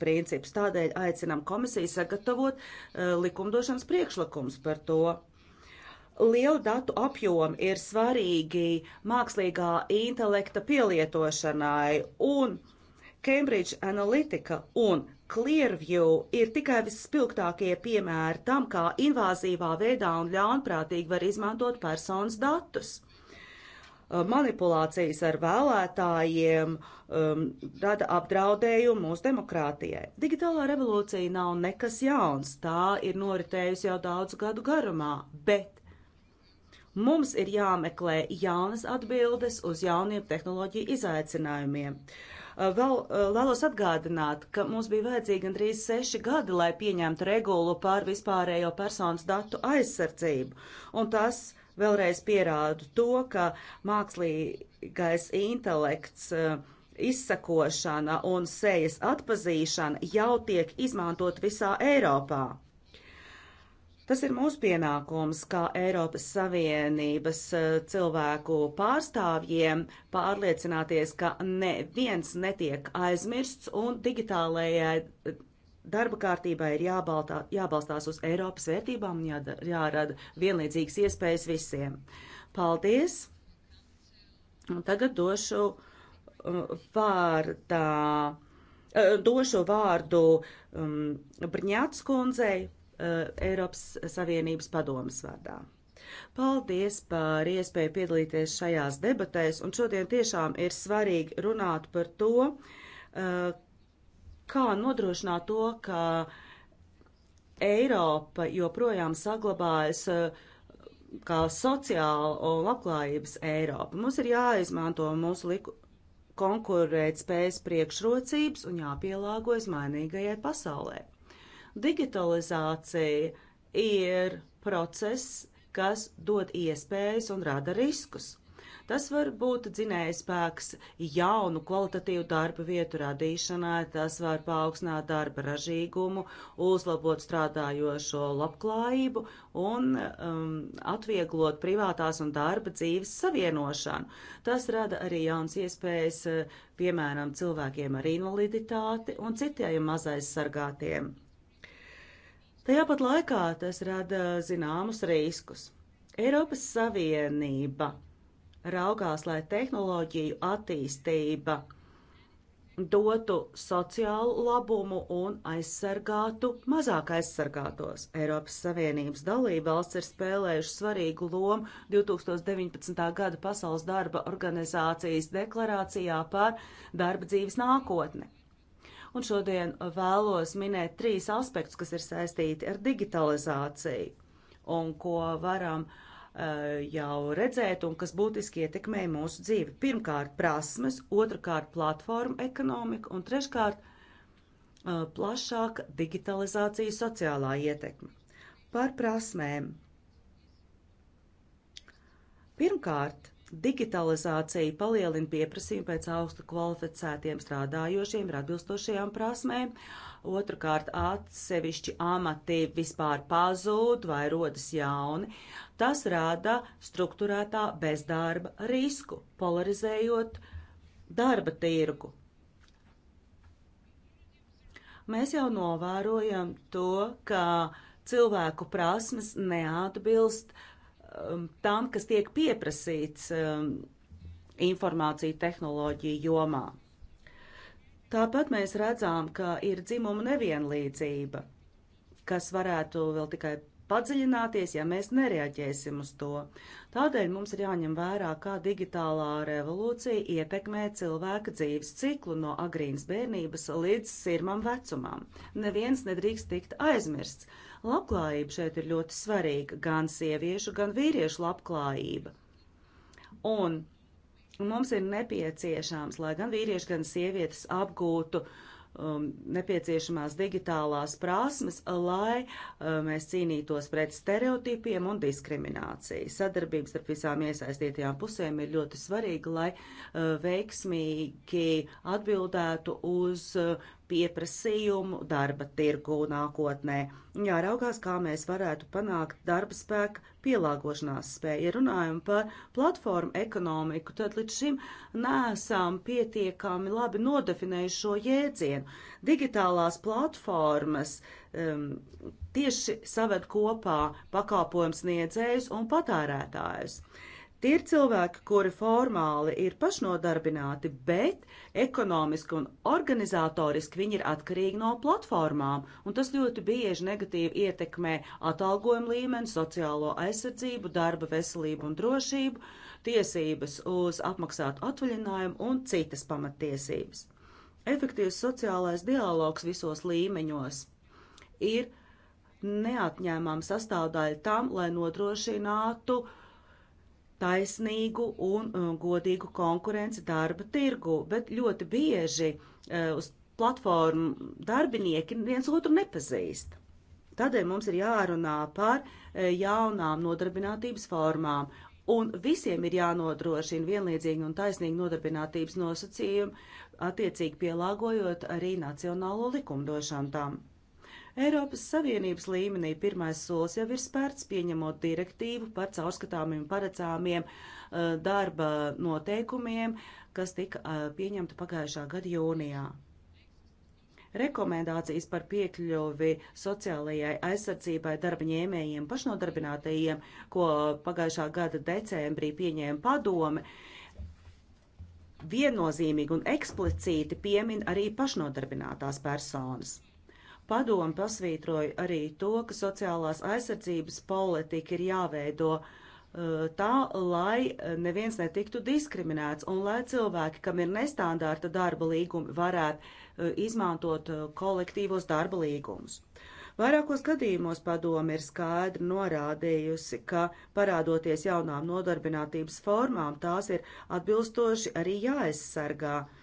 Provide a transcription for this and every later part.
princips. Tādēļ aicinām komisiju sagatavot uh, likumdošanas priekšlikums par to. Lielu datu apjomu ir svarīgi mākslīgā intelekta pielietošanai, un Cambridge Analytica un Clearview ir tikai visspilgtākie piemēri tam, kā invāzīvā veidā un ļaunprātīgi var izmantot personas datus. Uh, manipulācijas ar vēlētājiem um, rada apdraudējumu mūsu demokrātijai. Digitālā revolūcija nav nekas jauns, tā ir noritējusi jau daudzu gadu garumā, bet mums ir jāmeklē jaunas atbildes uz jauniem tehnoloģiju izaicinājumiem. Uh, vēl uh, vēlos atgādināt, ka mums bija vajadzīgi gandrīz seši gadi, lai pieņemtu regulu par vispārējo personas datu aizsardzību, un tas uh, vēlreiz pierādu to, ka mākslīgais intelekts e, izsakošana un sejas atpazīšana jau tiek izmantot visā Eiropā. Tas ir mūsu pienākums, kā Eiropas Savienības e, cilvēku pārstāvjiem, pārliecināties, ka neviens netiek aizmirsts un digitālajai Darba kārtībā ir jābaltā, jābalstās uz Eiropas vērtībām un jā, jārada vienlīdzīgas iespējas visiem. Paldies! Un tagad došu uh, vārdā, uh, došu vārdu um, Brņāts kundzei uh, Eiropas Savienības padomas vārdā. Paldies par iespēju piedalīties šajās debatēs, un šodien tiešām ir svarīgi runāt par to, uh, kā nodrošināt to, ka Eiropa joprojām saglabājas eh, kā sociāla un labklājības Eiropa. Mums ir jāizmanto mūsu liku konkurēt spējas priekšrocības un jāpielāgojas mainīgajai pasaulē. Digitalizācija ir process, kas dod iespējas un rada riskus. Tas var būt dzinējspēks jaunu kvalitatīvu darba vietu radīšanai, tas var paaugstināt darba ražīgumu, uzlabot strādājošo labklājību un um, atvieglot privātās un darba dzīves savienošanu. Tas rada arī jauns iespējas, eh, piemēram, cilvēkiem ar invaliditāti un citiem mazais sargātiem. Tajā pat laikā tas rada zināmus riskus. Eiropas Savienība raugās, lai tehnoloģiju attīstība dotu sociālu labumu un aizsargātu mazāk aizsargātos. Eiropas Savienības dalība valsts ir spēlējuši svarīgu lomu 2019. gada Pasaules darba organizācijas deklarācijā par darba dzīves nākotni. Un šodien vēlos minēt trīs aspektus, kas ir saistīti ar digitalizāciju un ko varam uh, Eh, jau redzēt un kas būtiski ietekmē mūsu dzīvi. Pirmkārt, prasmes, otrkārt, platforma ekonomika un treškārt, eh, plašāka digitalizācija sociālā ietekme. Par prasmēm. Pirmkārt, digitalizācija palielina pieprasījumu pēc augstu kvalificētiem strādājošiem ar atbilstošajām prasmēm otrkārt atsevišķi amati vispār pazūd vai rodas jauni. Tas rada struktūrētā bezdarba risku, polarizējot darba tirgu. Mēs jau novērojam to, ka cilvēku prasmes neatbilst um, tam, kas tiek pieprasīts um, informāciju tehnoloģiju jomā. Tāpat mēs redzām, ka ir dzimuma nevienlīdzība, kas varētu vēl tikai padziļināties, ja mēs nereaģēsim uz to. Tādēļ mums ir jāņem vērā, kā digitālā revolūcija ietekmē cilvēka dzīves ciklu no agrīnas bērnības līdz sirmam vecumam. Neviens nedrīkst tikt aizmirsts. Labklājība šeit ir ļoti svarīga, gan sieviešu, gan vīriešu labklājība. Un Mums ir nepieciešams, lai gan vīrieši, gan sievietes apgūtu um, nepieciešamās digitālās prasmes, lai um, mēs cīnītos pret stereotipiem un diskrimināciju. Sadarbības starp visām iesaistītajām pusēm ir ļoti svarīga, lai uh, veiksmīgi atbildētu uz uh, pieprasījumu darba tirgu nākotnē. Jāraugās, kā mēs varētu panākt darba spēka pielāgošanās spēju. Ja runājam par platformu ekonomiku, tad līdz šim nesam pietiekami labi nodefinējuši šo jēdzienu. Digitālās platformas um, tieši saved kopā pakalpojums niedzējus un patērētājus. Uh, Tie ir cilvēki, kuri formāli ir pašnodarbināti, bet ekonomiski un organizatoriski viņi ir atkarīgi no platformām, un tas ļoti bieži negatīvi ietekmē atalgojumu līmeni, sociālo aizsardzību, darba veselību un drošību, tiesības uz apmaksātu atvaļinājumu un citas pamatiesības. Efektīvs sociālais dialogs visos līmeņos ir neatņēmām sastāvdaļa tam, lai nodrošinātu uh, taisnīgu un uh, godīgu konkurenci darba tirgu, bet ļoti bieži uh, uz platformu darbinieki viens otru nepazīst. Tādēļ mums ir jārunā par uh, jaunām nodarbinātības formām, un visiem ir jānodrošina vienlīdzīgi un taisnīgi nodarbinātības nosacījumi, attiecīgi pielāgojot arī nacionālo likumdošanu tam. Eiropas Savienības līmenī pirmais solis jau ir spērts pieņemot direktīvu par caurskatāmiem paredzāmiem uh, darba noteikumiem, kas tika uh, pieņemta pagājušā gada jūnijā rekomendācijas par piekļuvi sociālajai aizsardzībai darba ņēmējiem pašnodarbinātajiem, ko pagājušā gada decembrī pieņēma padome, viennozīmīgi un eksplicīti piemin arī pašnodarbinātās personas. Padomu pasvītroja arī to, ka sociālās aizsardzības politika ir jāveido eh, tā, lai neviens netiktu diskriminēts un lai cilvēki, kam ir nestandarta darba līgumi, varētu eh, izmantot eh, kolektīvos darba līgumus. Vairākos gadījumos padome ir skaidri norādījusi, ka parādoties jaunām nodarbinātības formām, tās ir atbilstoši arī jāaizsargā. Uh,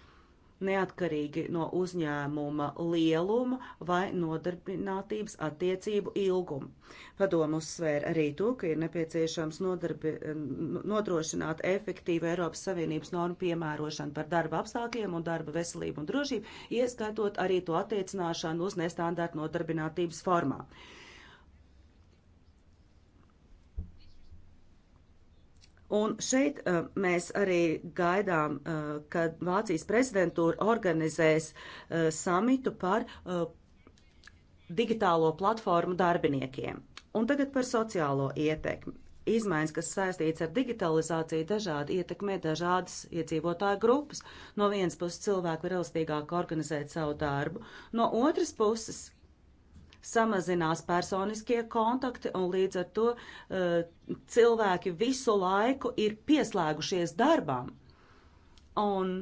neatkarīgi no uzņēmuma lieluma vai nodarbinātības attiecību ilguma. Padomu uzsvēra arī to, ka ir nepieciešams nodarbi, nodrošināt efektīvu Eiropas Savienības normu piemērošanu par darba apstākļiem un darba veselību un drošību, ieskaitot arī to attiecināšanu uz nestandārtu nodarbinātības formā. Un šeit uh, mēs arī gaidām, uh, kad Vācijas prezidentūra organizēs uh, samitu par uh, digitālo platformu darbiniekiem. Un tagad par sociālo ietekmi. Izmaiņas, kas saistīts ar digitalizāciju, dažādi ietekmē dažādas iedzīvotāju grupas. No vienas puses cilvēku ir elastīgāk organizēt savu darbu, no otras puses samazinās personiskie kontakti un līdz ar to eh, cilvēki visu laiku ir pieslēgušies darbam. Un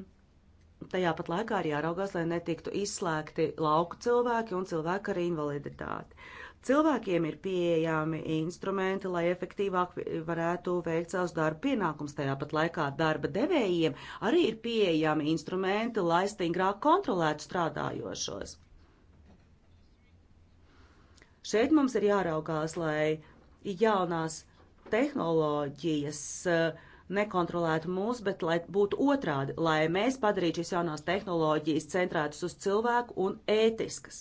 tajā pat laikā arī jāraugās, lai netiktu izslēgti lauku cilvēki un cilvēki ar invaliditāti. Cilvēkiem ir pieejami instrumenti, lai efektīvāk varētu veikt savus darba pienākumus. Tajā pat laikā darba devējiem arī ir pieejami instrumenti, lai stingrāk kontrolētu strādājošos. Šeit mums ir jāraukās, lai jaunās tehnoloģijas eh, nekontrolētu mūs, bet lai būtu otrādi, lai mēs padarītu šīs jaunās tehnoloģijas centrētas uz cilvēku un ētiskas.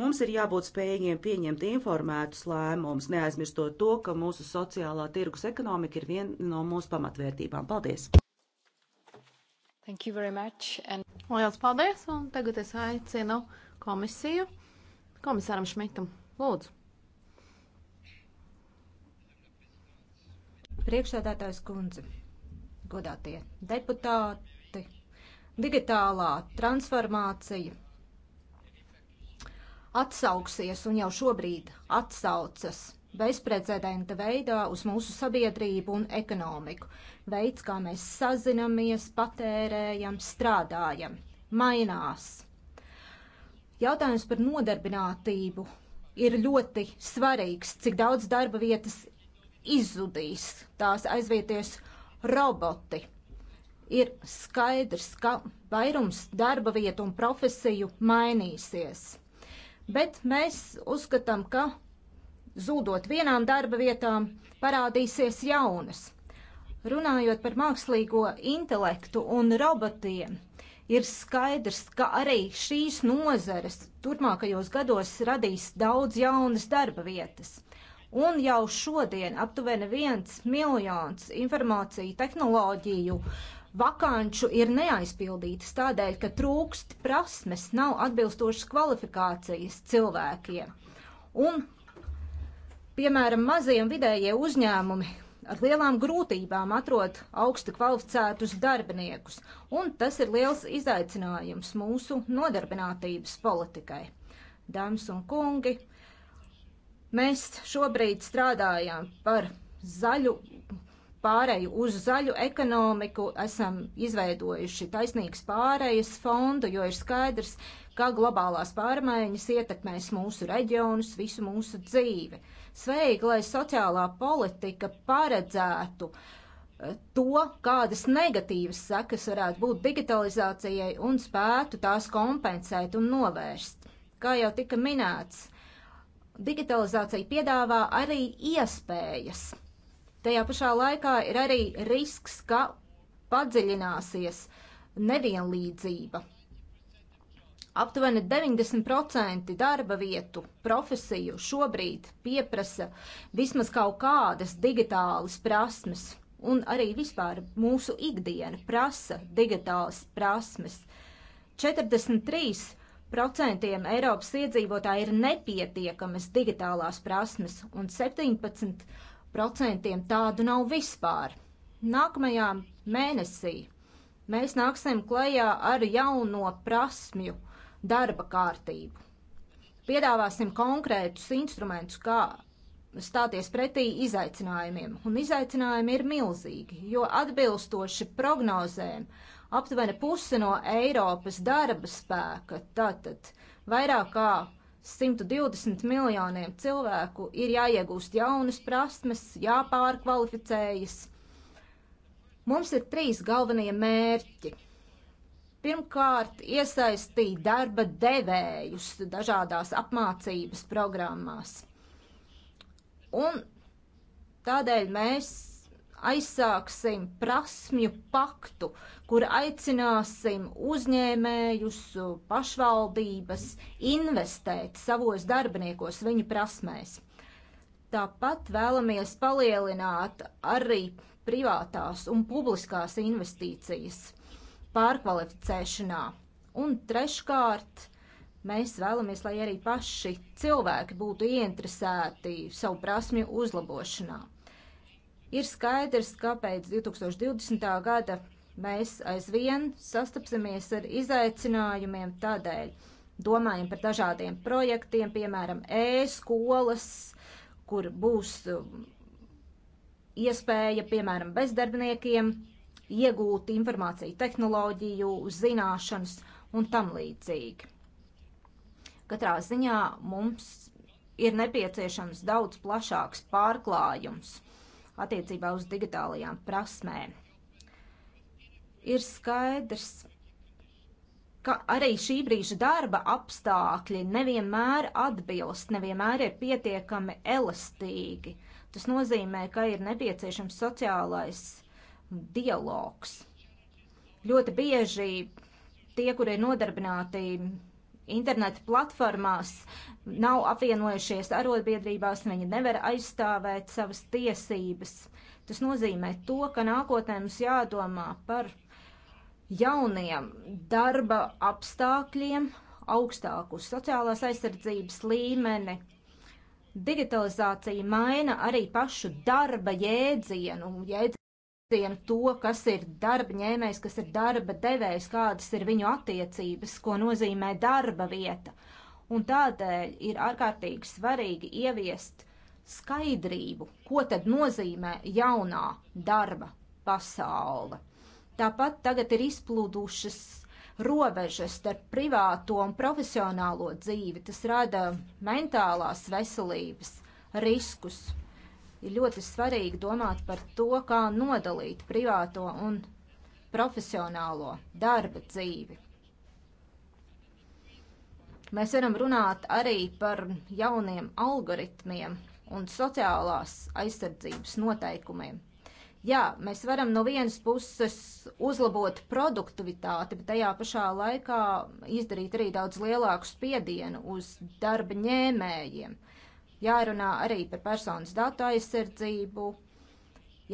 Mums ir jābūt spējīgiem pieņemt informētus lēmumus, neaizmirstot to, ka mūsu sociālā tirgus ekonomika ir viena no mūsu pamatvērtībām. Paldies! Thank you very much. And... Lielas paldies, un tagad es aicinu komisiju komisāram Šmitam. Lūdzu. Priekšsēdētājs kundze, godātie deputāti, digitālā transformācija atsauksies un jau šobrīd atsaucas bezprecedenta veidā uz mūsu sabiedrību un ekonomiku. Veids, kā mēs sazinamies, patērējam, strādājam, mainās. Jautājums par nodarbinātību ir ļoti svarīgs, cik daudz darba vietas izzudīs, tās aizvieties roboti. Ir skaidrs, ka vairums darba vietu un profesiju mainīsies. Bet mēs uzskatām, ka zūdot vienām darba vietām, parādīsies jaunas. Runājot par mākslīgo intelektu un robotiem, ir skaidrs, ka arī šīs nozares turpmākajos gados radīs daudz jaunas darba vietas. Un jau šodien aptuveni viens miljons informāciju tehnoloģiju vakanču ir neaizpildītas tādēļ, ka trūkst prasmes, nav atbilstošas kvalifikācijas cilvēkiem. Un, piemēram, maziem vidējie uzņēmumi ar lielām grūtībām atrod augsti kvalificētus darbiniekus, un tas ir liels izaicinājums mūsu nodarbinātības politikai. Dāmas un kungi, mēs šobrīd strādājam par zaļu pārēju uz zaļu ekonomiku, esam izveidojuši taisnīgas pārējas fondu, jo ir skaidrs, kā globālās pārmaiņas ietekmēs mūsu reģionus, visu mūsu dzīvi. Sveigi, lai sociālā politika paredzētu eh, to, kādas negatīvas sekas varētu būt digitalizācijai un spētu tās kompensēt un novērst. Kā jau tika minēts, digitalizācija piedāvā arī iespējas. Tajā pašā laikā ir arī risks, ka padziļināsies nevienlīdzība Aptuveni 90% darba vietu, profesiju šobrīd pieprasa vismaz kaut kādas digitālas prasmes, un arī vispār mūsu ikdiena prasa digitālas prasmes. 43 Procentiem Eiropas iedzīvotāji ir nepietiekamas digitālās prasmes, un 17% tādu nav vispār. Nākamajā mēnesī mēs nāksim klajā ar jauno prasmju darba kārtību. Piedāvāsim konkrētus instrumentus, kā stāties pretī izaicinājumiem. Un izaicinājumi ir milzīgi, jo atbilstoši prognozēm aptuveni puse no Eiropas darba spēka, tātad vairāk kā 120 miljoniem cilvēku ir jāiegūst jaunas prasmes, jāpārkvalificējas. Mums ir trīs galvenie mērķi Pirmkārt, iesaistīt darba devējus dažādās apmācības programmās. Un tādēļ mēs aizsāksim prasmju paktu, kur aicināsim uzņēmējus, pašvaldības investēt savos darbiniekos viņu prasmēs. Tāpat vēlamies palielināt arī privātās un publiskās investīcijas pārkvalificēšanā. Un treškārt, mēs vēlamies, lai arī paši cilvēki būtu ieinteresēti savu prasmju uzlabošanā. Ir skaidrs, ka pēc 2020. gada mēs aizvien sastapsimies ar izaicinājumiem tādēļ. Domājam par dažādiem projektiem, piemēram, e-skolas, kur būs um, iespēja, piemēram, bezdarbniekiem iegūt informāciju, tehnoloģiju, zināšanas un tam līdzīgi. Katrā ziņā mums ir nepieciešams daudz plašāks pārklājums attiecībā uz digitālajām prasmēm. Ir skaidrs, ka arī šī brīža darba apstākļi nevienmēr atbilst, nevienmēr ir pietiekami elastīgi. Tas nozīmē, ka ir nepieciešams sociālais dialogs. Ļoti bieži tie, kuri ir nodarbināti interneta platformās, nav apvienojušies arotbiedrībās, viņi nevar aizstāvēt savas tiesības. Tas nozīmē to, ka nākotnē mums jādomā par jauniem darba apstākļiem, augstāku sociālās aizsardzības līmeni. Digitalizācija maina arī pašu darba jēdzienu. jēdzienu visiem to, kas ir darba ņēmējs, kas ir darba devējs, kādas ir viņu attiecības, ko nozīmē darba vieta. Un tādēļ ir ārkārtīgi svarīgi ieviest skaidrību, ko tad nozīmē jaunā darba pasaule. Tāpat tagad ir izplūdušas robežas starp privāto un profesionālo dzīvi. Tas rada mentālās veselības riskus ir ļoti svarīgi domāt par to, kā nodalīt privāto un profesionālo darba dzīvi. Mēs varam runāt arī par jauniem algoritmiem un sociālās aizsardzības noteikumiem. Jā, mēs varam no vienas puses uzlabot produktivitāti, bet tajā pašā laikā izdarīt arī daudz lielāku spiedienu uz darba ņēmējiem. Uh, Jārunā arī par personas datu aizsardzību,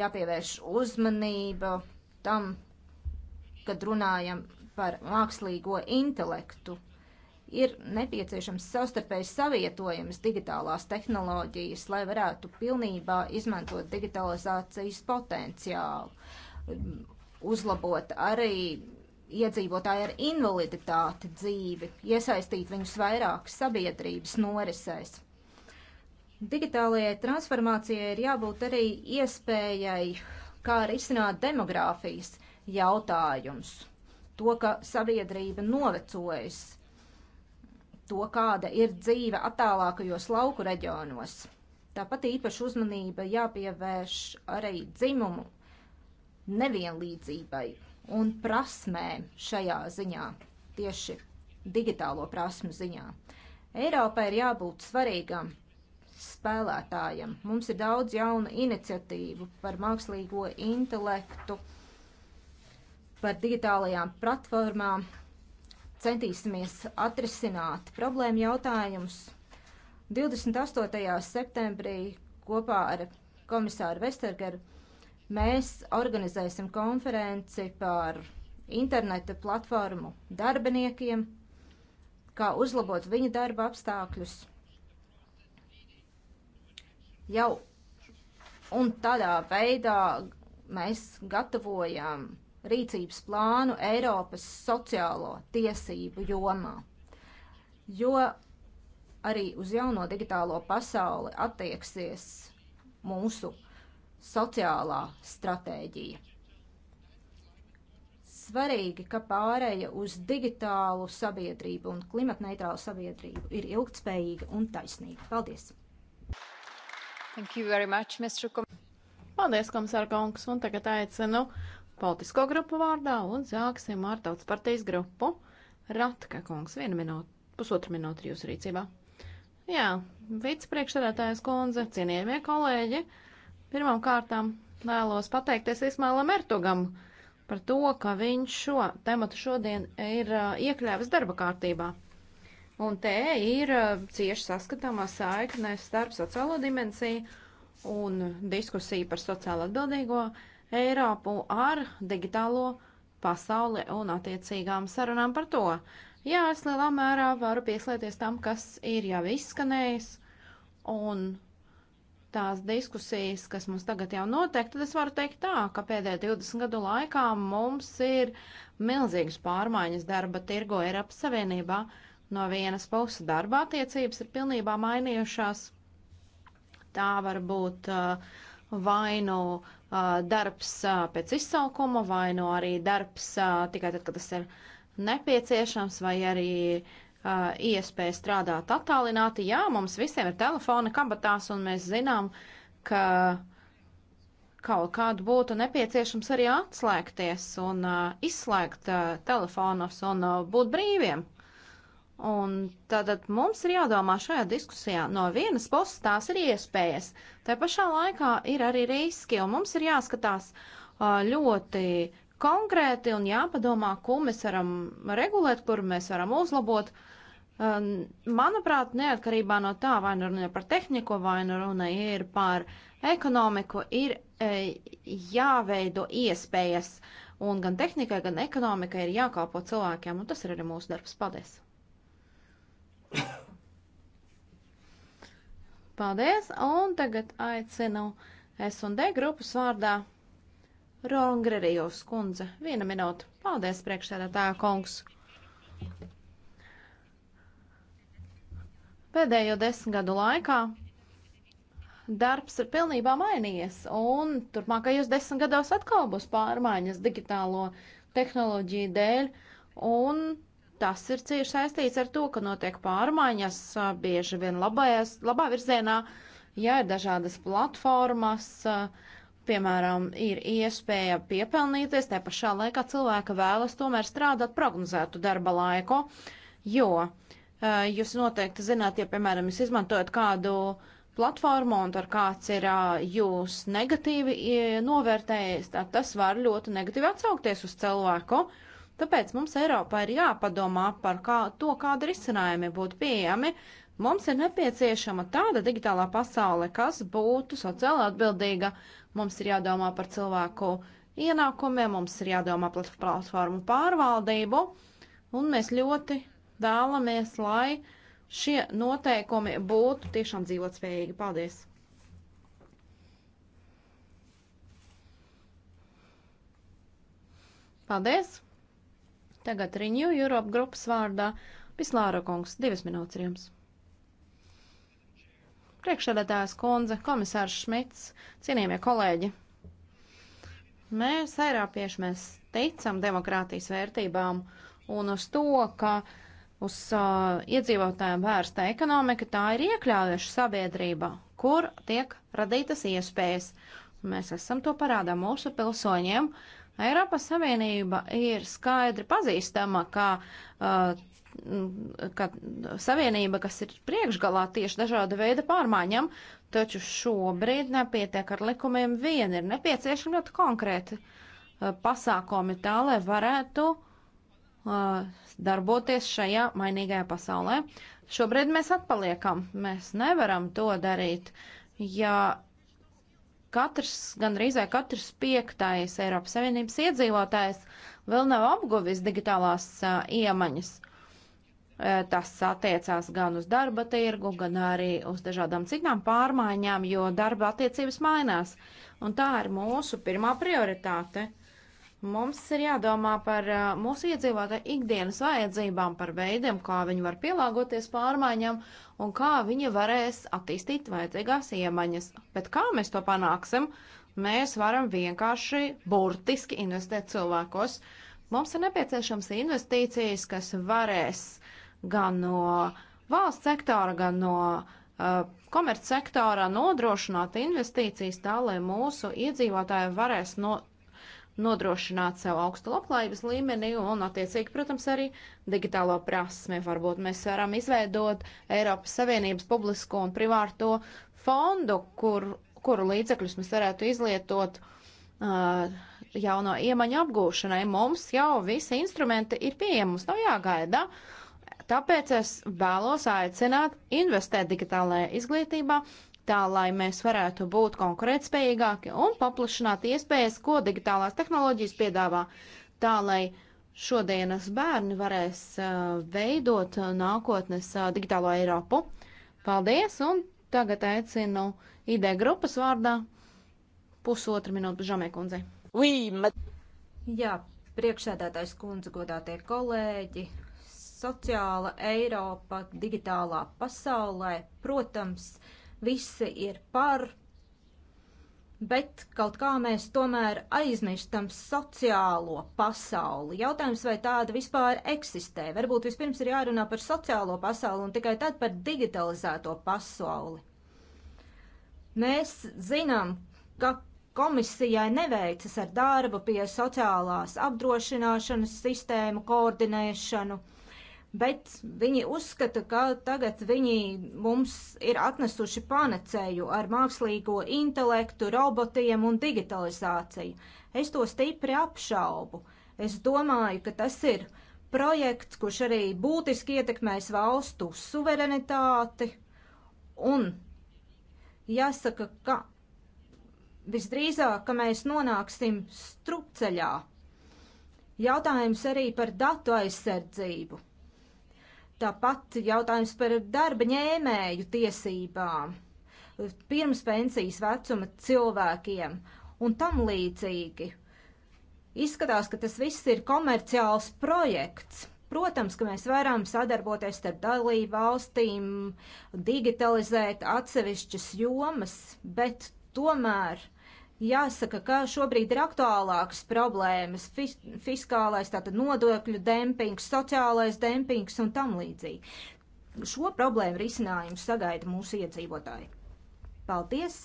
jāpievērš uzmanība tam, kad runājam par mākslīgo intelektu. Ir nepieciešams savstarpējs savietojums digitālās tehnoloģijas, lai varētu pilnībā izmantot digitalizācijas potenciālu, uzlabot arī iedzīvotāji ar invaliditāti dzīvi, iesaistīt viņus vairāk sabiedrības norisēs. Digitālajai transformācijai ir jābūt arī iespējai, kā arī izsināt demogrāfijas jautājumus, to, ka sabiedrība novecojas, to, kāda ir dzīve attālākajos lauku reģionos. Tāpat īpaši uzmanība jāpievērš arī dzimumu nevienlīdzībai un prasmēm šajā ziņā, tieši digitālo prasmu ziņā. Eiropai ir jābūt svarīgam spēlētājam. Mums ir daudz jaunu iniciatīvu par mākslīgo intelektu, par digitālajām platformām. Centīsimies atrisināt problēmu jautājumus. 28. septembrī kopā ar komisāru Vestergeru mēs organizēsim konferenci par interneta platformu darbiniekiem, kā uzlabot viņa darba apstākļus jau un tādā veidā mēs gatavojam rīcības plānu Eiropas sociālo tiesību jomā. Jo arī uz jauno digitālo pasauli attieksies mūsu sociālā stratēģija. Svarīgi, ka pāreja uz digitālu sabiedrību un klimatneitrālu sabiedrību ir ilgtspējīga un taisnīga. Paldies! Much, Paldies, komisāra kungs, un tagad aicinu politisko grupu vārdā un sāksim ar tautas partijas grupu. Ratka kungs, viena minūte, pusotra minūte jūsu rīcībā. Jā, vicepriekšsēdētājas kundze, cienījamie kolēģi, pirmām kārtām vēlos pateikties Ismailam Ertugam par to, ka viņš šo tematu šodien ir uh, iekļāvis darba kārtībā. Un te ir uh, cieši saskatāmā saikne starp sociālo dimensiju un diskusiju par sociāli atbildīgo Eiropu ar digitālo pasauli un attiecīgām sarunām par to. Jā, es lielā mērā varu pieslēties tam, kas ir jau izskanējis, un tās diskusijas, kas mums tagad jau notiek, tad es varu teikt tā, ka pēdējā 20 gadu laikā mums ir milzīgas pārmaiņas darba tirgo Eiropas Savienībā. Uh, No vienas puses darba attiecības ir pilnībā mainījušās. Tā var būt uh, vai nu uh, darbs uh, pēc izsaukuma, vai nu arī darbs uh, tikai tad, kad tas ir nepieciešams, vai arī uh, iespēja strādāt attālināti. Jā, mums visiem ir telefoni kabatās, un mēs zinām, ka kaut kādu būtu nepieciešams arī atslēgties un uh, izslēgt uh, telefonus un uh, būt brīviem. Un tātad mums ir jādomā šajā diskusijā. No vienas puses tās ir iespējas, tā pašā laikā ir arī riski, un mums ir jāskatās ļoti konkrēti un jāpadomā, ko mēs varam regulēt, kur mēs varam uzlabot. Manuprāt, neatkarībā no tā, vai nu runa ir par tehniku, vai nu runa ir par ekonomiku, ir jāveido iespējas, un gan tehnikai, gan ekonomikai ir jākalpo cilvēkiem, un tas ir arī mūsu darbs. Paldies! Paldies, un tagad aicinu S&D grupas vārdā Rongrerijos kundze. Viena minūte. Paldies, priekšsēdētā kungs. Pēdējo desmit gadu laikā darbs ir pilnībā mainījies, un turpmākajos desmit gados atkal būs pārmaiņas digitālo tehnoloģiju dēļ, un Tas ir cieši saistīts ar to, ka notiek pārmaiņas bieži vien labajās, labā virzienā, ja ir dažādas platformas, piemēram, ir iespēja piepelnīties, te pašā laikā cilvēka vēlas tomēr strādāt prognozētu darba laiku, jo jūs noteikti zināt, ja, piemēram, jūs izmantojat kādu platformu un tur kāds ir jūs negatīvi novērtējis, tad tas var ļoti negatīvi atsaukties uz cilvēku. Uh, Tāpēc mums Eiropā ir jāpadomā par kā, to, kāda risinājumi būtu pieejami. Mums ir nepieciešama tāda digitālā pasaule, kas būtu sociāli atbildīga. Mums ir jādomā par cilvēku ienākumiem, mums ir jādomā par platformu pārvaldību, un mēs ļoti vēlamies, lai šie noteikumi būtu tiešām dzīvotspējīgi. Paldies! Paldies! Tagad Renew Europe grupas vārdā Vislāra kungs, divas minūtes jums. Priekšsēdētājs kundze, komisārs Šmits, cienījamie kolēģi. Mēs, Eiropieši, mēs ticam demokrātijas vērtībām un uz to, ka uz uh, iedzīvotājiem vērsta ekonomika, tā ir iekļaujoša sabiedrība, kur tiek radītas iespējas. Mēs esam to parādā mūsu pilsoņiem, uh, Eiropas Savienība ir skaidri pazīstama kā, uh, kā savienība, kas ir priekšgalā tieši dažāda veida pārmaiņam, taču šobrīd nepietiek ar likumiem vien, ir nepieciešami ļoti konkrēti uh, pasākumi tā, lai varētu uh, darboties šajā mainīgajā pasaulē. Šobrīd mēs atpaliekam, mēs nevaram to darīt, ja katrs, gandrīz vai katrs piektais Eiropas Savienības iedzīvotājs vēl nav apguvis digitālās uh, iemaņas. Uh, tas attiecās gan uz darba tirgu, gan arī uz dažādām citām pārmaiņām, jo darba attiecības mainās. Un tā ir mūsu pirmā prioritāte. Uh, Mums ir jādomā par uh, mūsu iedzīvotāju ikdienas vajadzībām, par veidiem, kā viņi var pielāgoties pārmaiņām un kā viņi varēs attīstīt vajadzīgās iemaņas. Bet kā mēs to panāksim? Mēs varam vienkārši burtiski investēt cilvēkos. Mums ir nepieciešams investīcijas, kas varēs gan no valsts sektora, gan no uh, komerc sektora nodrošināt investīcijas tā, lai mūsu iedzīvotāji varēs no nodrošināt sev augstu labklājības līmeni un, attiecīgi, protams, arī digitālo prasmi. Varbūt mēs varam izveidot Eiropas Savienības publisko un privāto fondu, kur, kuru līdzekļus mēs varētu izlietot uh, jauno iemaņu apgūšanai. Mums jau visi instrumenti ir pieejami, mums nav jāgaida. Tāpēc es vēlos aicināt investēt digitālajā izglītībā, tā lai mēs varētu būt konkurētspējīgāki un paplašināt iespējas, ko digitālās tehnoloģijas piedāvā, tā lai šodienas bērni varēs uh, veidot nākotnes uh, digitālo Eiropu. Paldies, un tagad aicinu ID grupas vārdā pusotru minūtu Žamē kundzei. Jā, priekšsēdētājs kundze, godātie kolēģi, sociāla Eiropa digitālā pasaulē, protams, uh, visi ir par, bet kaut kā mēs tomēr aizmirstam sociālo pasauli. Jautājums, vai tāda vispār eksistē? Varbūt vispirms ir jārunā par sociālo pasauli un tikai tad par digitalizēto pasauli. Mēs zinām, ka komisijai neveicas ar darbu pie sociālās apdrošināšanas sistēmu koordinēšanu bet viņi uzskata, ka tagad viņi mums ir atnesuši panacēju ar mākslīgo intelektu, robotiem un digitalizāciju. Es to stipri apšaubu. Es domāju, ka tas ir projekts, kurš arī būtiski ietekmēs valstu suverenitāti. Un jāsaka, ka visdrīzāk, ka mēs nonāksim strupceļā. Jautājums arī par datu aizsardzību Tāpat jautājums par darba ņēmēju tiesībām, pirms pensijas vecuma cilvēkiem un tam līdzīgi. Izskatās, ka tas viss ir komerciāls projekts. Protams, ka mēs varam sadarboties starp dalību valstīm, digitalizēt atsevišķas jomas, bet tomēr Jāsaka, ka šobrīd ir aktuālākas problēmas - fiskālais, tātad nodokļu dempings, sociālais dempings un tam līdzīgi. Šo problēmu risinājumu sagaida mūsu iedzīvotāji. Paldies!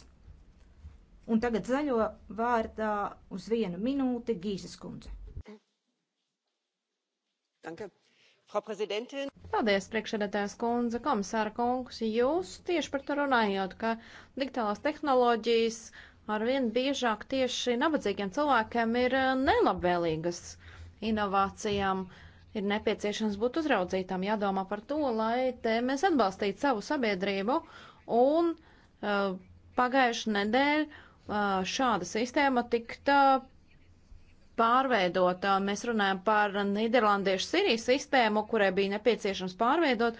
Un tagad zaļo vārdā uz vienu minūti Gīzes kundze. Danke. Frau Präsidentin! Paldies, priekšsēdētājs kundze, komisāra kungs. Jūs tieši par to runājāt, ka digitālās tehnoloģijas uh, arvien biežāk tieši nabadzīgiem cilvēkiem ir eh, nelabvēlīgas inovācijām. Ir nepieciešams būt uzraudzītām, jādomā par to, lai te mēs atbalstītu savu sabiedrību. Un uh, pagājuši nedēļ uh, šāda sistēma tikta pārveidota. Mēs runājam par Nīderlandiešu Sirijas sistēmu, kurai bija nepieciešams pārveidot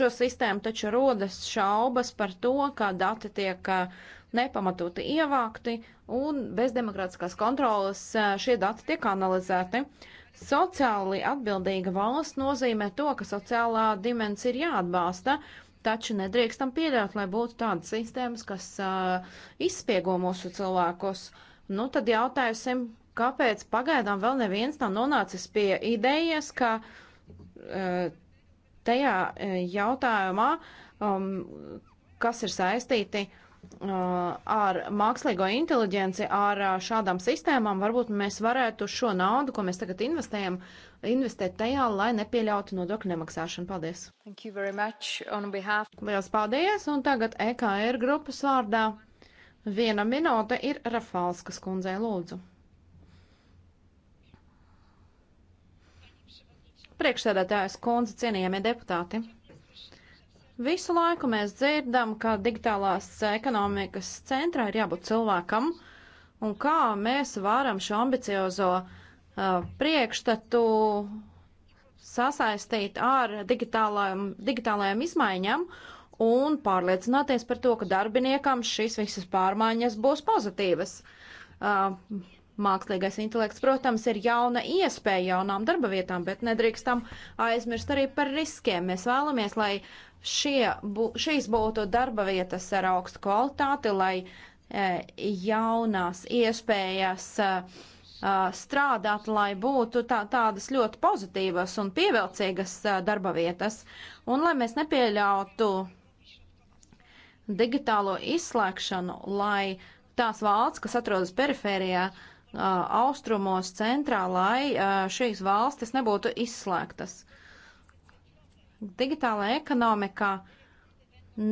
šo sistēmu, taču rodas šaubas par to, kā dati tiek uh, nepamatoti ievākti, un bez demokrātiskās kontrolas eh, šie dati tiek analizēti. Sociāli atbildīga valsts nozīmē to, ka sociālā dimensija ir jāatbalsta, taču nedrīkstam pieļaut, lai būtu tādas sistēmas, kas uh, izspiego mūsu cilvēkus. Nu, tad jautājusim, kāpēc pagaidām vēl neviens nav nonācis pie idejas, ka uh, tajā jautājumā, um, kas ir saistīti uh, Uh, ar mākslīgo inteliģenci, ar uh, šādām sistēmām, varbūt mēs varētu šo naudu, ko mēs tagad investējam, investēt tajā, lai nepieļautu nodokļu nemaksāšanu. Paldies! Behalf... Lielas paldies! Un tagad EKR grupas vārdā viena minūte ir Rafalskas kundzei lūdzu. Priekšsēdētājas kundze, cienījamie deputāti! Visu laiku mēs dzirdam, ka digitālās ekonomikas centrā ir jābūt cilvēkam, un kā mēs varam šo ambiciozo uh, priekšstatu sasaistīt ar digitālajām izmaiņām un pārliecināties par to, ka darbiniekam šīs visas pārmaiņas būs pozitīvas. Uh, Mākslīgais intelekts, protams, ir jauna iespēja jaunām darba vietām, bet nedrīkstam aizmirst arī par riskiem. Mēs vēlamies, lai Šie, bu, šīs būtu darba vietas ar augstu kvalitāti, lai e, jaunās iespējas e, e strādāt, lai būtu tā, tādas ļoti pozitīvas un pievilcīgas e, darba vietas, un lai mēs nepieļautu digitālo izslēgšanu, lai tās valsts, kas atrodas perifērijā, e, austrumos, centrā, lai šīs valstis nebūtu izslēgtas digitālā ekonomikā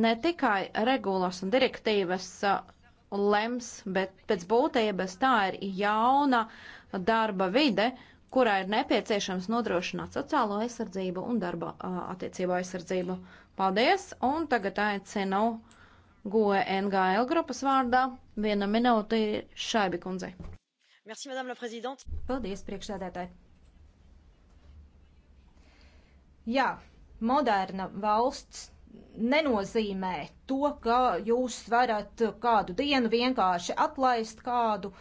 ne tikai regulas un direktīvas lems, bet pēc būtības tā ir jauna darba vide, kurā ir nepieciešams nodrošināt sociālo aizsardzību un darba attiecību aizsardzību. Paldies! Un tagad aicinu GOE NGL grupas vārdā viena minūte Šaibi kundzei. Merci, madame la prezidente. Paldies, priekšsēdētāji. Jā, Moderna valsts nenozīmē to, ka jūs varat kādu dienu vienkārši atlaist kādu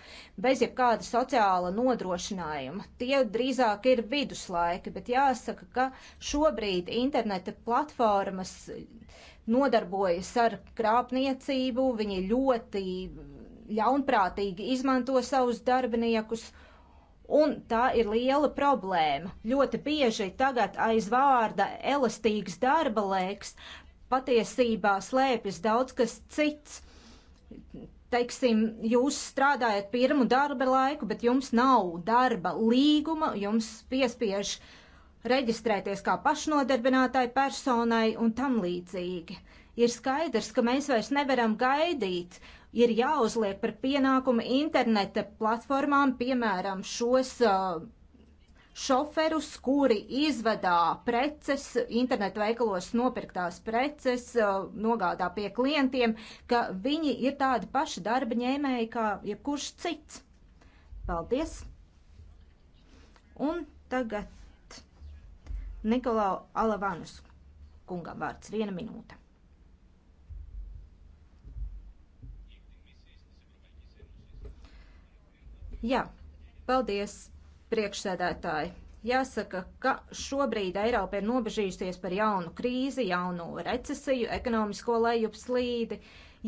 bez jebkāda sociāla nodrošinājuma. Tie drīzāk ir viduslaiki, bet jāsaka, ka šobrīd interneta platformas nodarbojas ar krāpniecību, viņi ļoti ļaunprātīgi izmanto savus darbiniekus. Uh, Un tā ir liela problēma. Ļoti bieži tagad aiz vārda elastīgs darba laiks patiesībā slēpjas daudz kas cits. Teiksim, jūs strādājat pirmu darba laiku, bet jums nav darba līguma, jums piespiež reģistrēties kā pašnodarbinātai personai un tam līdzīgi. Ir skaidrs, ka mēs vairs nevaram gaidīt uh, ir jāuzliek par pienākumu interneta platformām, piemēram, šos šoferus, kuri izvedā preces, internetu veikalos nopirktās preces, nogādā pie klientiem, ka viņi ir tādi paši darba ņēmēji kā jebkurš cits. Paldies! Un tagad Nikolau Alavanus kungam vārds viena minūte. Jā, paldies, priekšsēdētāji. Jāsaka, ka šobrīd Eiropa ir nobežījusies par jaunu krīzi, jaunu recesiju, ekonomisko lejupslīdi.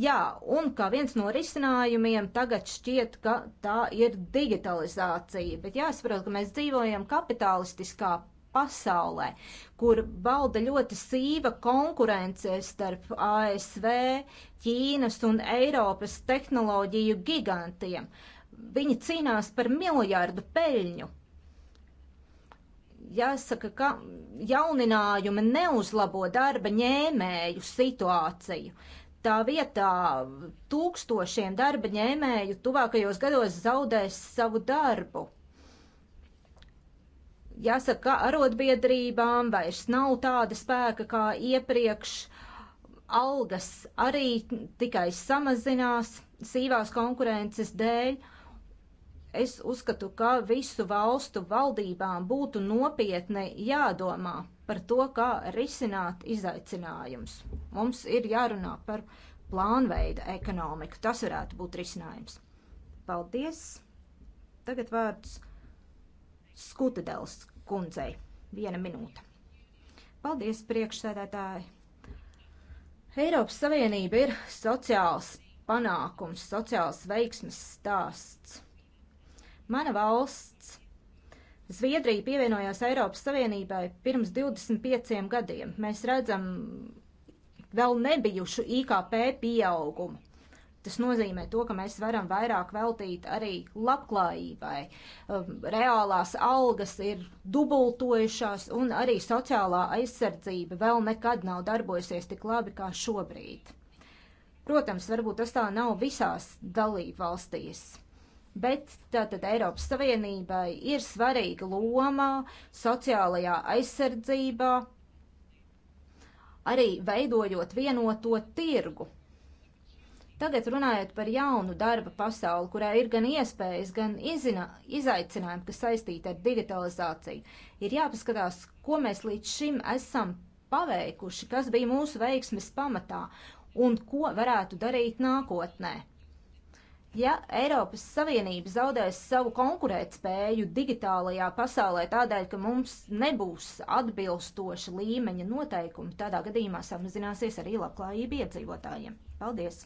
Jā, un kā viens no risinājumiem tagad šķiet, ka tā ir digitalizācija, bet jāsaprot, ka mēs dzīvojam kapitalistiskā pasaulē, kur valda ļoti sīva konkurence starp ASV, Ķīnas un Eiropas tehnoloģiju gigantiem. Viņi cīnās par miljārdu peļņu. Jāsaka, ka jauninājumi neuzlabo darba ņēmēju situāciju. Tā vietā tūkstošiem darba ņēmēju tuvākajos gados zaudēs savu darbu. Jāsaka, ka arotbiedrībām vairs nav tāda spēka kā iepriekš. Algas arī tikai samazinās sīvās konkurences dēļ. Uh, es uzskatu, ka visu valstu valdībām būtu nopietni jādomā par to, kā risināt izaicinājumus. Mums ir jārunā par plānveida ekonomiku. Tas varētu būt risinājums. Paldies! Tagad vārds Skutedels kundzei. Viena minūte. Paldies, priekšsēdētāji! Eiropas Savienība ir sociāls panākums, sociāls veiksmes stāsts. Mana valsts, Zviedrija, pievienojās Eiropas Savienībai pirms 25 gadiem. Mēs redzam vēl nebijušu IKP pieaugumu. Tas nozīmē to, ka mēs varam vairāk veltīt arī labklājībai. Um, reālās algas ir dubultojušās, un arī sociālā aizsardzība vēl nekad nav darbojusies tik labi kā šobrīd. Protams, varbūt tas tā nav visās dalību valstīs Bet tātad Eiropas Savienībai ir svarīga loma sociālajā aizsardzībā, arī veidojot vienoto tirgu. Tagad runājot par jaunu darba pasauli, kurā ir gan iespējas, gan izina, izaicinājumi, kas saistīti ar digitalizāciju, ir jāpaskatās, ko mēs līdz šim esam paveikuši, kas bija mūsu veiksmes pamatā un ko varētu darīt nākotnē. Ja Eiropas Savienība zaudēs savu konkurētspēju digitālajā pasaulē tādēļ, ka mums nebūs atbilstoša līmeņa noteikumi, tādā gadījumā samazināsies arī labklājība iedzīvotājiem. Paldies!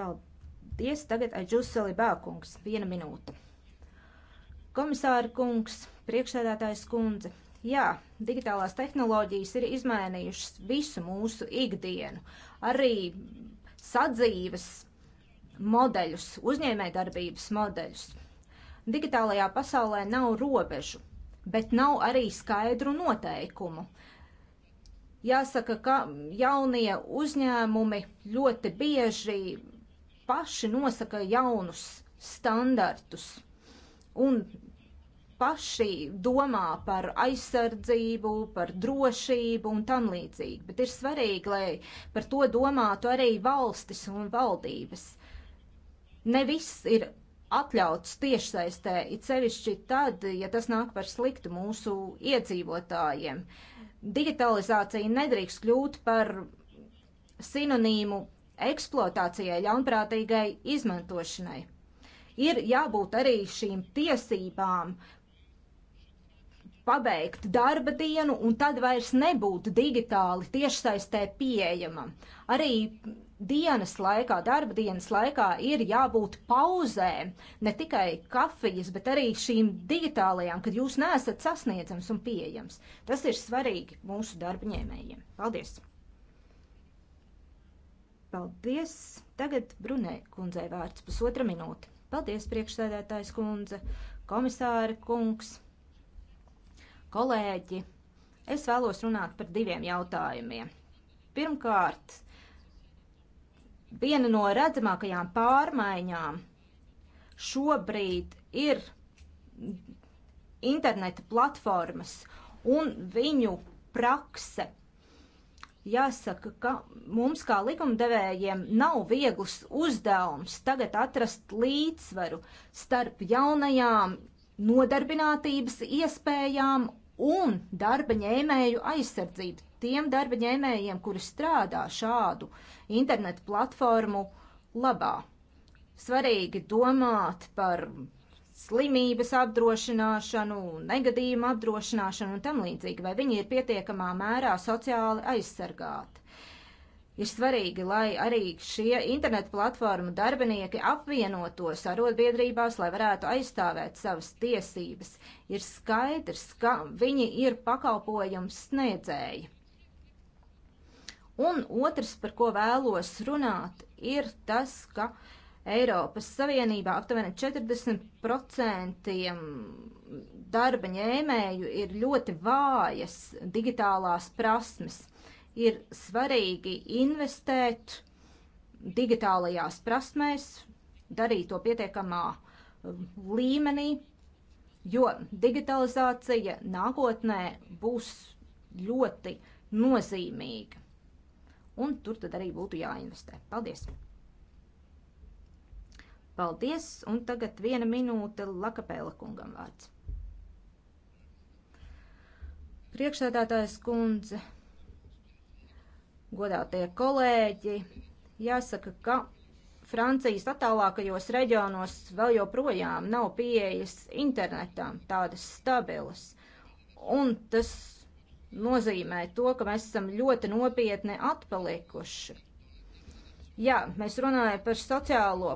Paldies! Tagad Aģuseli Bākungs. Viena minūte. Komisāra kungs, priekšsēdētājs kundze. Jā, digitālās tehnoloģijas ir izmainījušas visu mūsu ikdienu. Arī sadzīves modeļus, uzņēmējdarbības modeļus. Digitālajā pasaulē nav robežu, bet nav arī skaidru noteikumu. Jāsaka, ka jaunie uzņēmumi ļoti bieži paši nosaka jaunus standartus un paši domā par aizsardzību, par drošību un tam līdzīgi, bet ir svarīgi, lai par to domātu arī valstis un valdības. Ne viss ir atļauts tiešsaistē, it sevišķi tad, ja tas nāk par sliktu mūsu iedzīvotājiem. Digitalizācija nedrīkst kļūt par sinonīmu eksploatācijai, ļaunprātīgai izmantošanai. Ir jābūt arī šīm tiesībām, pabeigt darba dienu, un tad vairs nebūtu digitāli tiešsaistē pieejama. Arī dienas laikā, darba dienas laikā ir jābūt pauzēm, ne tikai kafijas, bet arī šīm digitālajām, kad jūs nesat sasniedzams un pieejams. Tas ir svarīgi mūsu darba ņēmējiem. Paldies! Paldies! Tagad Brunē kundzei vārds pusotra minūte. Paldies, priekšsēdētājs kundze, komisāra kungs! kolēģi! Es vēlos runāt par diviem jautājumiem. Pirmkārt, viena no redzamākajām pārmaiņām šobrīd ir interneta platformas un viņu prakse. Jāsaka, ka mums kā likumdevējiem nav viegls uzdevums tagad atrast līdzsvaru starp jaunajām nodarbinātības iespējām un darba ņēmēju aizsardzību tiem darba ņēmējiem, kuri strādā šādu internetu platformu labā. Svarīgi domāt par slimības apdrošināšanu, negadījuma apdrošināšanu un tam līdzīgi, vai viņi ir pietiekamā mērā sociāli aizsargāti. Ir svarīgi, lai arī šie internetu platformu darbinieki apvienotos arotbiedrībās, lai varētu aizstāvēt savas tiesības. Ir skaidrs, ka viņi ir pakalpojums sniedzēji. Un otrs, par ko vēlos runāt, ir tas, ka Eiropas Savienībā aptuveni 40% darba ņēmēju ir ļoti vājas digitālās prasmes ir svarīgi investēt digitālajās prasmēs, darīt to pietiekamā um, līmenī, jo digitalizācija nākotnē būs ļoti nozīmīga. Un tur tad arī būtu jāinvestē. Paldies! Paldies! Un tagad viena minūte Lakapēla kungam vārds. Priekšsēdētājs kundze, godātie kolēģi. Jāsaka, ka Francijas attālākajos reģionos vēl joprojām nav pieejas internetam tādas stabilas. Un tas nozīmē to, ka mēs esam ļoti nopietni atpalikuši. Jā, mēs runājam par sociālo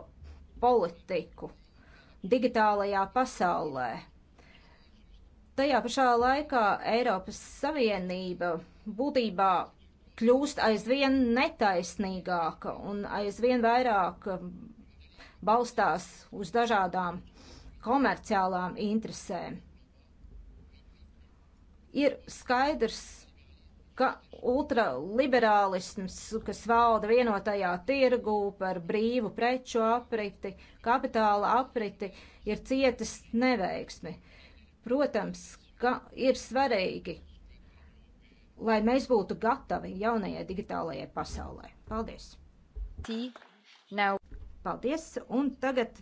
politiku digitālajā pasaulē. Tajā pašā laikā Eiropas Savienība būtībā kļūst aizvien netaisnīgāka un aizvien vairāk um, balstās uz dažādām komerciālām interesēm. Ir skaidrs, ka ultraliberālisms, kas valda vienotajā tirgu par brīvu preču apriti, kapitāla apriti, ir cietis neveiksmi. Protams, ka ir svarīgi lai mēs būtu gatavi jaunajai digitālajai pasaulē. Paldies! Paldies! Un tagad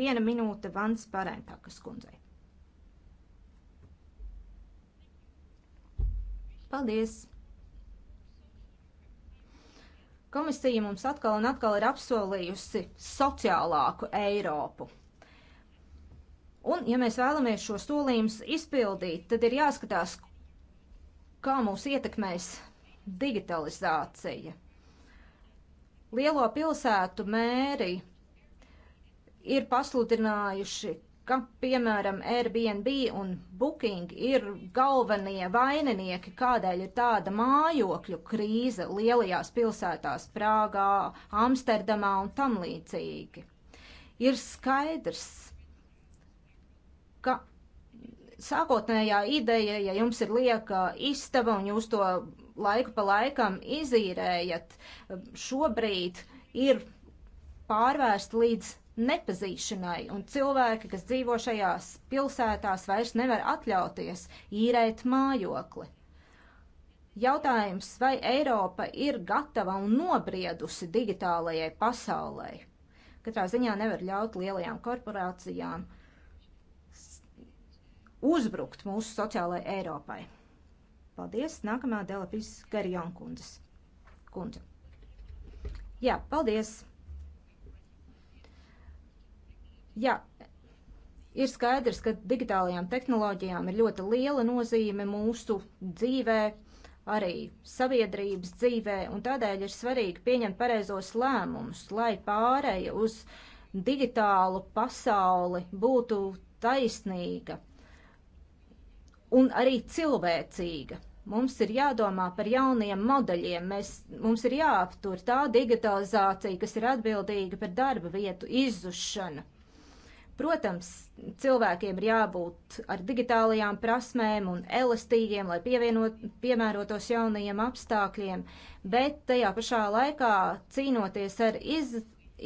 viena minūte Vans Parentakas kundzei. Paldies! Komisija mums atkal un atkal ir apsolījusi sociālāku Eiropu. Un, ja mēs vēlamies šo solījumus izpildīt, tad ir jāskatās, kā mūs ietekmēs digitalizācija. Lielo pilsētu mēri ir pasludinājuši, ka, piemēram, Airbnb un Booking ir galvenie vaininieki, kādēļ ir tāda mājokļu krīze lielajās pilsētās Prāgā, Amsterdamā un tam līdzīgi. Ir skaidrs, ka sākotnējā ideja, ja jums ir lieka istaba un jūs to laiku pa laikam izīrējat, šobrīd ir pārvērsta līdz nepazīšanai, un cilvēki, kas dzīvo šajās pilsētās, vairs nevar atļauties īrēt mājokli. Jautājums, vai Eiropa ir gatava un nobriedusi digitālajai pasaulē? Katrā ziņā nevar ļaut lielajām korporācijām uh, uzbrukt mūsu sociālajai Eiropai. Paldies! Nākamā Delapīs Garion kundzes. Kundze. Jā, paldies! Jā, ir skaidrs, ka digitālajām tehnoloģijām ir ļoti liela nozīme mūsu dzīvē, arī sabiedrības dzīvē, un tādēļ ir svarīgi pieņemt pareizos lēmumus, lai pārēja uz digitālu pasauli būtu taisnīga un arī cilvēcīga. Mums ir jādomā par jauniem modeļiem, Mēs, mums ir jāaptur tā digitalizācija, kas ir atbildīga par darba vietu izzušanu. Protams, cilvēkiem ir jābūt ar digitālajām prasmēm un elastīgiem, lai pievienot, piemērotos jaunajiem apstākļiem, bet tajā pašā laikā cīnoties ar iz,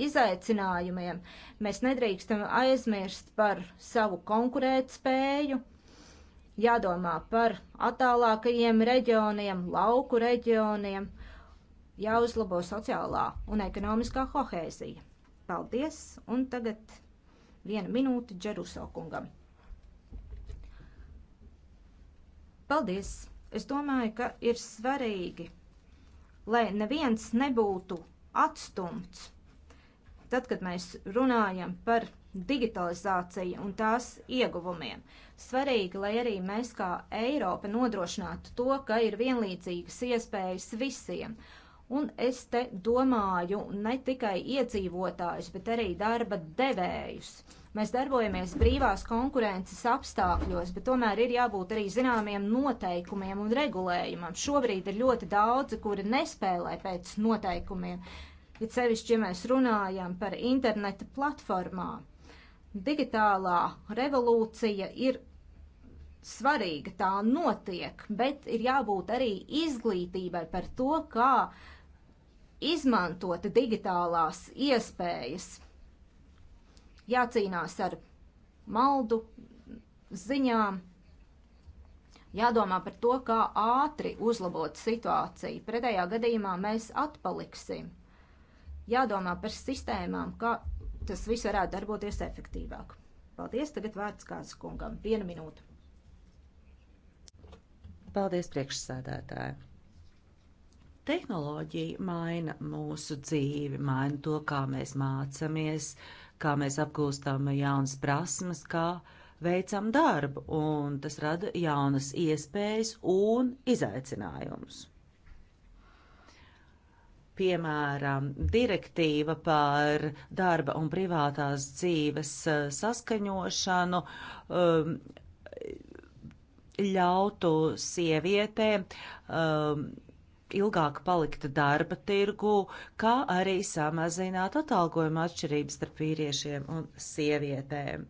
izaicinājumiem, mēs nedrīkstam aizmirst par savu konkurētspēju spēju jādomā par attālākajiem reģioniem, lauku reģioniem, jāuzlabo sociālā un ekonomiskā kohēzija. Paldies, un tagad viena minūte Džeruso kungam. Paldies! Es domāju, ka ir svarīgi, lai neviens nebūtu atstumts. Tad, kad mēs runājam par digitalizācija un tās ieguvumiem. Svarīgi, lai arī mēs kā Eiropa nodrošinātu to, ka ir vienlīdzīgas iespējas visiem. Un es te domāju ne tikai iedzīvotājus, bet arī darba devējus. Mēs darbojamies brīvās konkurences apstākļos, bet tomēr ir jābūt arī zināmiem noteikumiem un regulējumam. Šobrīd ir ļoti daudzi, kuri nespēlē pēc noteikumiem, it sevišķi, ja mēs runājam par interneta platformām. Digitālā revolūcija ir svarīga, tā notiek, bet ir jābūt arī izglītībai par to, kā izmantot digitālās iespējas. Jācīnās ar maldu ziņām, jādomā par to, kā ātri uzlabot situāciju. Pretējā gadījumā mēs atpaliksim. Jādomā par sistēmām, kā tas viss varētu darboties efektīvāk. Paldies, tagad vārds kāds kungam. Viena minūte. Paldies, priekšsādātāji. Tehnoloģija maina mūsu dzīvi, maina to, kā mēs mācamies, kā mēs apgūstam jaunas prasmes, kā veicam darbu, un tas rada jaunas iespējas un izaicinājumus. Piemēram, direktīva par darba un privātās dzīves eh, saskaņošanu um, ļautu sievietēm um, ilgāk palikt darba tirgu, kā arī samazināt atalgojuma atšķirības starp vīriešiem un sievietēm.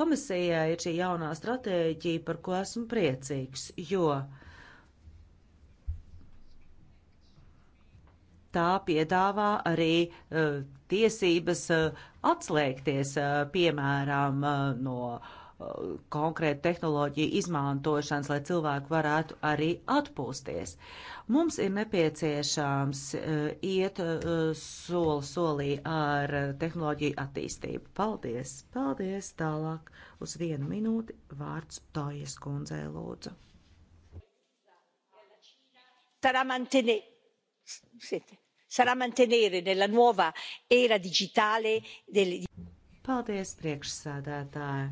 Komisijai ir šī jaunā stratēģija, par ko esmu priecīgs, jo uh, tā piedāvā arī uh, tiesības uh, atslēgties, uh, piemēram, uh, no uh, konkrētu tehnoloģiju izmantošanas, lai cilvēki varētu arī atpūsties. Mums ir nepieciešams uh, iet uh, soli solī ar uh, tehnoloģiju attīstību. Paldies! Paldies! Tālāk uz vienu minūti vārds Tojas kundzei lūdzu. Sarà mantenere. Sente sarà mantenere nella nuova era digitale del... Paldies, priekšsēdētāji!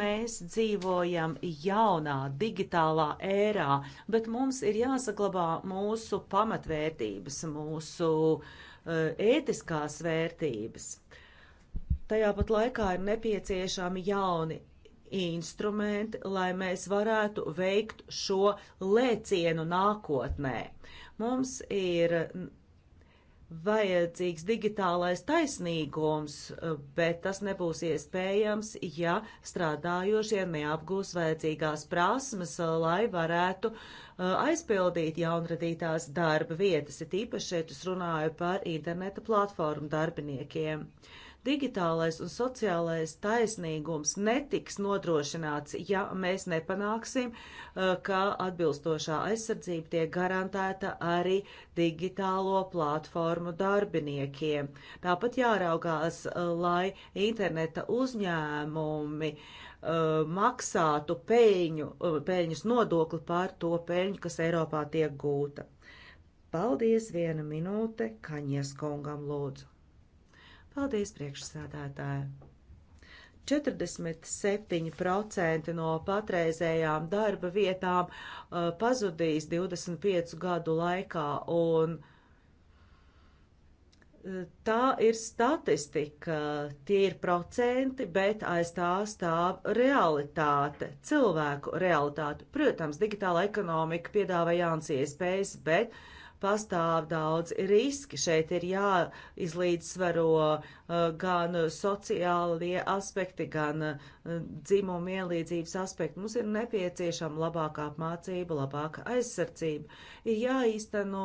Mēs dzīvojam jaunā digitālā ērā, bet mums ir jāsaglabā mūsu pamatvērtības, mūsu uh, ētiskās vērtības. Tajā pat laikā ir nepieciešami jauni instrumenti, lai mēs varētu veikt šo lēcienu nākotnē. Mums ir vajadzīgs digitālais taisnīgums, bet tas nebūs iespējams, ja strādājošie neapgūs vajadzīgās prasmes, lai varētu uh, aizpildīt jaunradītās darba vietas. Ir īpaši šeit es runāju par interneta platformu darbiniekiem. Uh, Digitālais un sociālais taisnīgums netiks nodrošināts, ja mēs nepanāksim, eh, ka atbilstošā aizsardzība tiek garantēta arī digitālo platformu darbiniekiem. Tāpat jāraugās, eh, lai interneta uzņēmumi eh, maksātu peļņu, peļņas nodokli par to peļņu, kas Eiropā tiek gūta. Paldies, viena minūte Kaņies kungam lūdzu. Paldies, priekšsādātāji! 47% no patreizējām darba vietām uh, pazudīs 25 gadu laikā, un uh, tā ir statistika, tie ir procenti, bet aiz tā stāv realitāte, cilvēku realitāte. Protams, digitāla ekonomika piedāvā jauns iespējas, bet uh, pastāv daudz riski. Šeit ir jāizlīdzsvaro uh, gan sociālie aspekti, gan uh, dzimuma ielīdzības aspekti. Mums ir nepieciešama labāka apmācība, labāka aizsardzība. Ir jāīsteno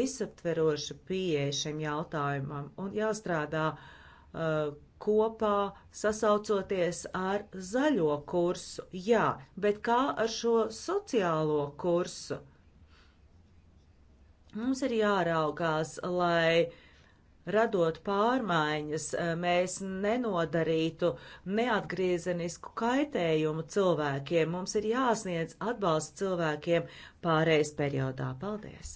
visaptveroša pieeja šim jautājumam un jāstrādā uh, kopā sasaucoties ar zaļo kursu, jā, bet kā ar šo sociālo kursu? Mums ir jāraugās, lai radot pārmaiņas, eh, mēs nenodarītu neatgriezenisku kaitējumu cilvēkiem. Mums ir jāsniedz atbalsts cilvēkiem pārējais periodā. Paldies!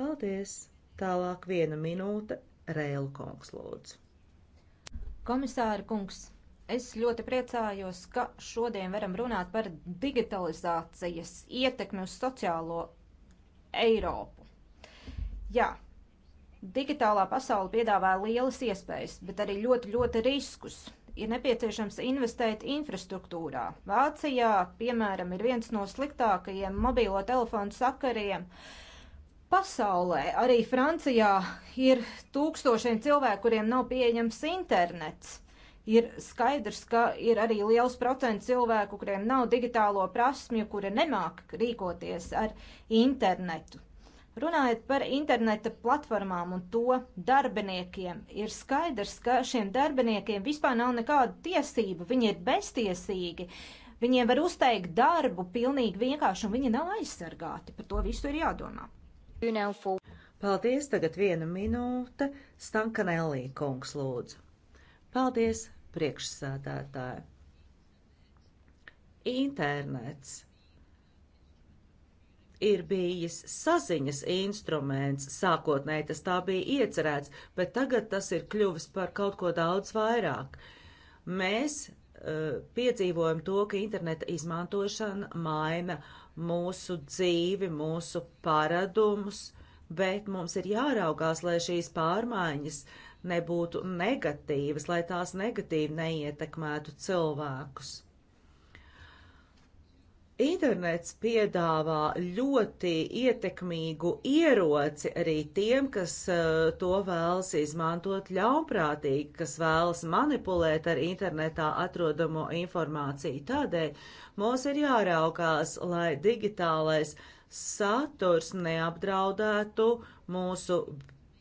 Paldies! Tālāk viena minūte Rēlu kungs lūdzu. Komisāra kungs, es ļoti priecājos, ka šodien varam runāt par digitalizācijas ietekmi uz sociālo Eiropu. Jā, digitālā pasaule piedāvā lielas iespējas, bet arī ļoti, ļoti riskus. Ir nepieciešams investēt infrastruktūrā. Vācijā, piemēram, ir viens no sliktākajiem mobilo telefonu sakariem pasaulē. Arī Francijā ir tūkstošiem cilvēku, kuriem nav pieejams internets ir skaidrs, ka ir arī liels procents cilvēku, kuriem nav digitālo prasmju, kuri nemāk rīkoties ar internetu. Runājot par interneta platformām un to darbiniekiem, ir skaidrs, ka šiem darbiniekiem vispār nav nekāda tiesība, viņi ir beztiesīgi, viņiem var uzteikt darbu pilnīgi vienkārši un viņi nav aizsargāti, par to visu ir jādomā. Paldies, tagad viena minūte, Stankanellī kungs lūdzu. Paldies, priekšsēdētāji. Internets ir bijis saziņas instruments, sākotnēji tas tā bija iecerēts, bet tagad tas ir kļuvis par kaut ko daudz vairāk. Mēs uh, piedzīvojam to, ka interneta izmantošana maina mūsu dzīvi, mūsu paradumus, bet mums ir jāraugās, lai šīs pārmaiņas uh, nebūtu negatīvas, lai tās negatīvi neietekmētu cilvēkus. Internets piedāvā ļoti ietekmīgu ieroci arī tiem, kas eh, to vēlas izmantot ļaunprātīgi, kas vēlas manipulēt ar internetā atrodamo informāciju. Tādēļ mums ir jāraukās, lai digitālais saturs neapdraudētu mūsu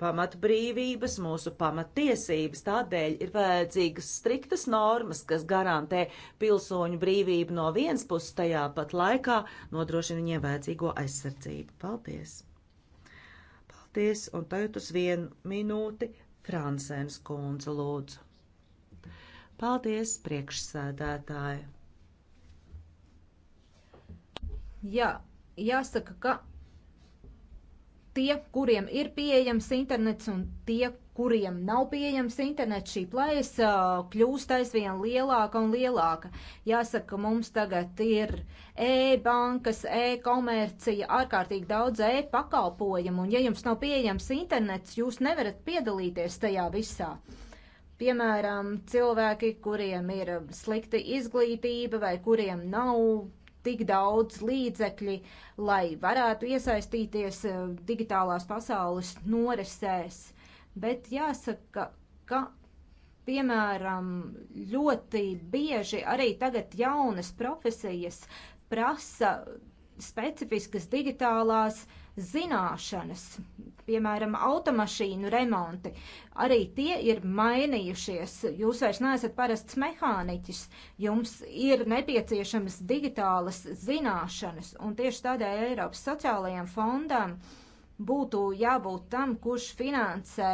pamatbrīvības, mūsu pamattiesības. Tādēļ ir vajadzīgas striktas normas, kas garantē pilsoņu brīvību no vienas puses, tajā pat laikā nodrošina viņiem vajadzīgo aizsardzību. Paldies! Paldies! Un tagad uz vienu minūti Fransēns kundze lūdzu. Paldies, priekšsēdētāji! Jā, jāsaka, ka tie, kuriem ir pieejams internets un tie, kuriem nav pieejams internets, šī plēsa uh, kļūst aizvien lielāka un lielāka. Jāsaka, mums tagad ir e-bankas, e-komercija, ārkārtīgi daudz e-pakalpojumu, un ja jums nav pieejams internets, jūs nevarat piedalīties tajā visā. Piemēram, cilvēki, kuriem ir slikta izglītība vai kuriem nav tik daudz līdzekļi, lai varētu iesaistīties eh, digitālās pasaules norisēs. Bet jāsaka, ka piemēram, ļoti bieži arī tagad jaunas profesijas prasa specifiskas digitālās uh, zināšanas, piemēram, automašīnu remonti, arī tie ir mainījušies. Jūs vairs neesat parasts mehāniķis, jums ir nepieciešamas digitālas zināšanas, un tieši tādēļ Eiropas sociālajiem fondam būtu jābūt tam, kurš finansē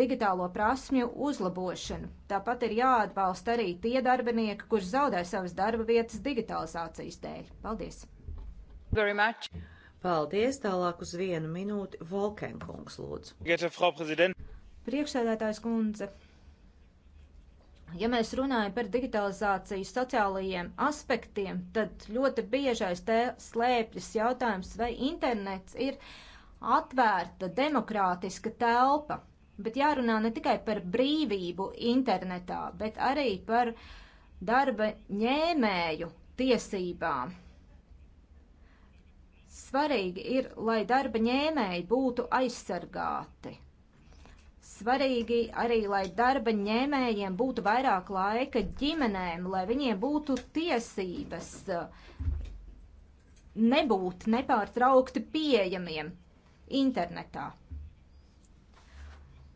digitālo prasmju uzlabošanu. Tāpat ir jāatbalsta arī tie darbinieki, kurš zaudē savas darba vietas digitalizācijas dēļ. Paldies! Very much. Paldies, tālāk uz vienu minūti Volkenkungs lūdzu. Priekšsēdētājs kundze, ja mēs runājam par digitalizāciju sociālajiem aspektiem, tad ļoti biežais te slēpjas jautājums, vai internets ir atvērta, demokrātiska telpa. Bet jārunā ne tikai par brīvību internetā, bet arī par darba ņēmēju tiesībām. Svarīgi ir, lai darba ņēmēji būtu aizsargāti. Svarīgi arī, lai darba ņēmējiem būtu vairāk laika ģimenēm, lai viņiem būtu tiesības eh, nebūt nepārtraukti pieejamiem internetā.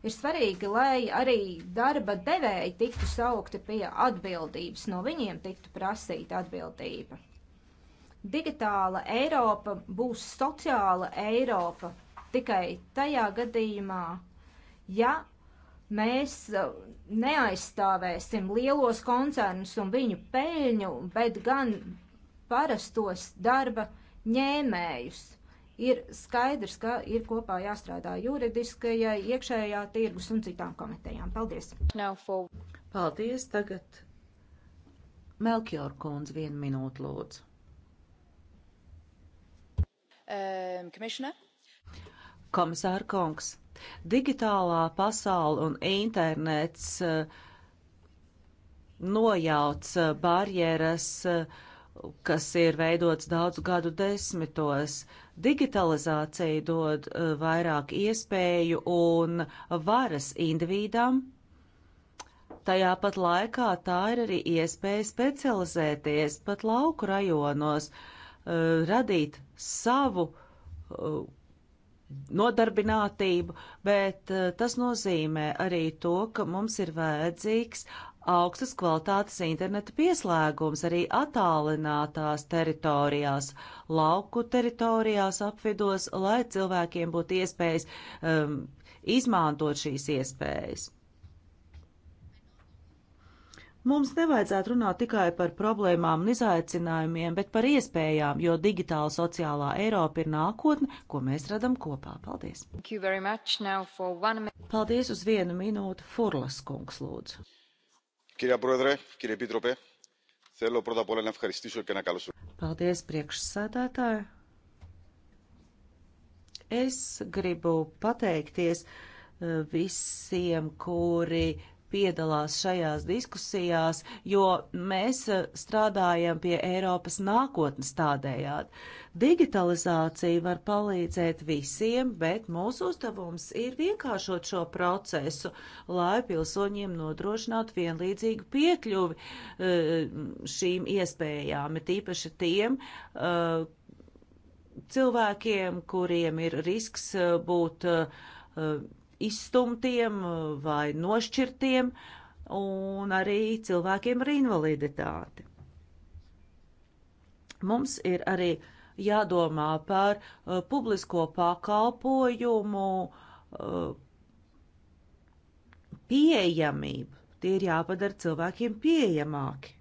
Ir svarīgi, lai arī darba devēji tiktu saukti pie atbildības, no viņiem tiktu prasīta atbildība. Digitāla Eiropa būs sociāla Eiropa tikai tajā gadījumā, ja mēs uh, neaizstāvēsim lielos koncernus un viņu peļņu, bet gan parastos darba ņēmējus. Ir skaidrs, ka ir kopā jāstrādā juridiskajai, iekšējā tirgus un citām komitejām. Paldies! Paldies! Tagad Melkjor kundze vienu minūtu lūdzu. Ehm, commissioner. Komisāra kungs, digitālā pasaule un internets eh, nojauc eh, barjeras, eh, kas ir veidots daudzu gadu desmitos. Digitalizācija dod vairāk iespēju un varas individam. Tajā pat laikā tā ir arī iespēja specializēties pat lauku rajonos, radīt savu uh, nodarbinātību, bet uh, tas nozīmē arī to, ka mums ir vajadzīgs augstas kvalitātes interneta pieslēgums arī attālinātās teritorijās, lauku teritorijās apvidos, lai cilvēkiem būtu iespējas um, izmantot šīs iespējas. Mums nevajadzētu runāt tikai par problēmām un izaicinājumiem, bet par iespējām, jo digitāla sociālā Eiropa ir nākotne, ko mēs radam kopā. Paldies! Paldies uz vienu minūtu, Furlas kungs, lūdzu. Paldies, priekšsēdētāji! Es gribu pateikties eh, visiem, kuri piedalās šajās diskusijās, jo mēs eh, strādājam pie Eiropas nākotnes tādējādi. Digitalizācija var palīdzēt visiem, bet mūsu uzdevums ir vienkāršot šo procesu, lai pilsoņiem nodrošinātu vienlīdzīgu piekļuvi eh, šīm iespējām, tīpaši tiem, eh, cilvēkiem, kuriem ir risks būt uh, izstumtiem vai nošķirtiem, un arī cilvēkiem ar invaliditāti. Mums ir arī jādomā par uh, publisko pakalpojumu uh, pieejamību. Tie ir jāpadara cilvēkiem pieejamāki.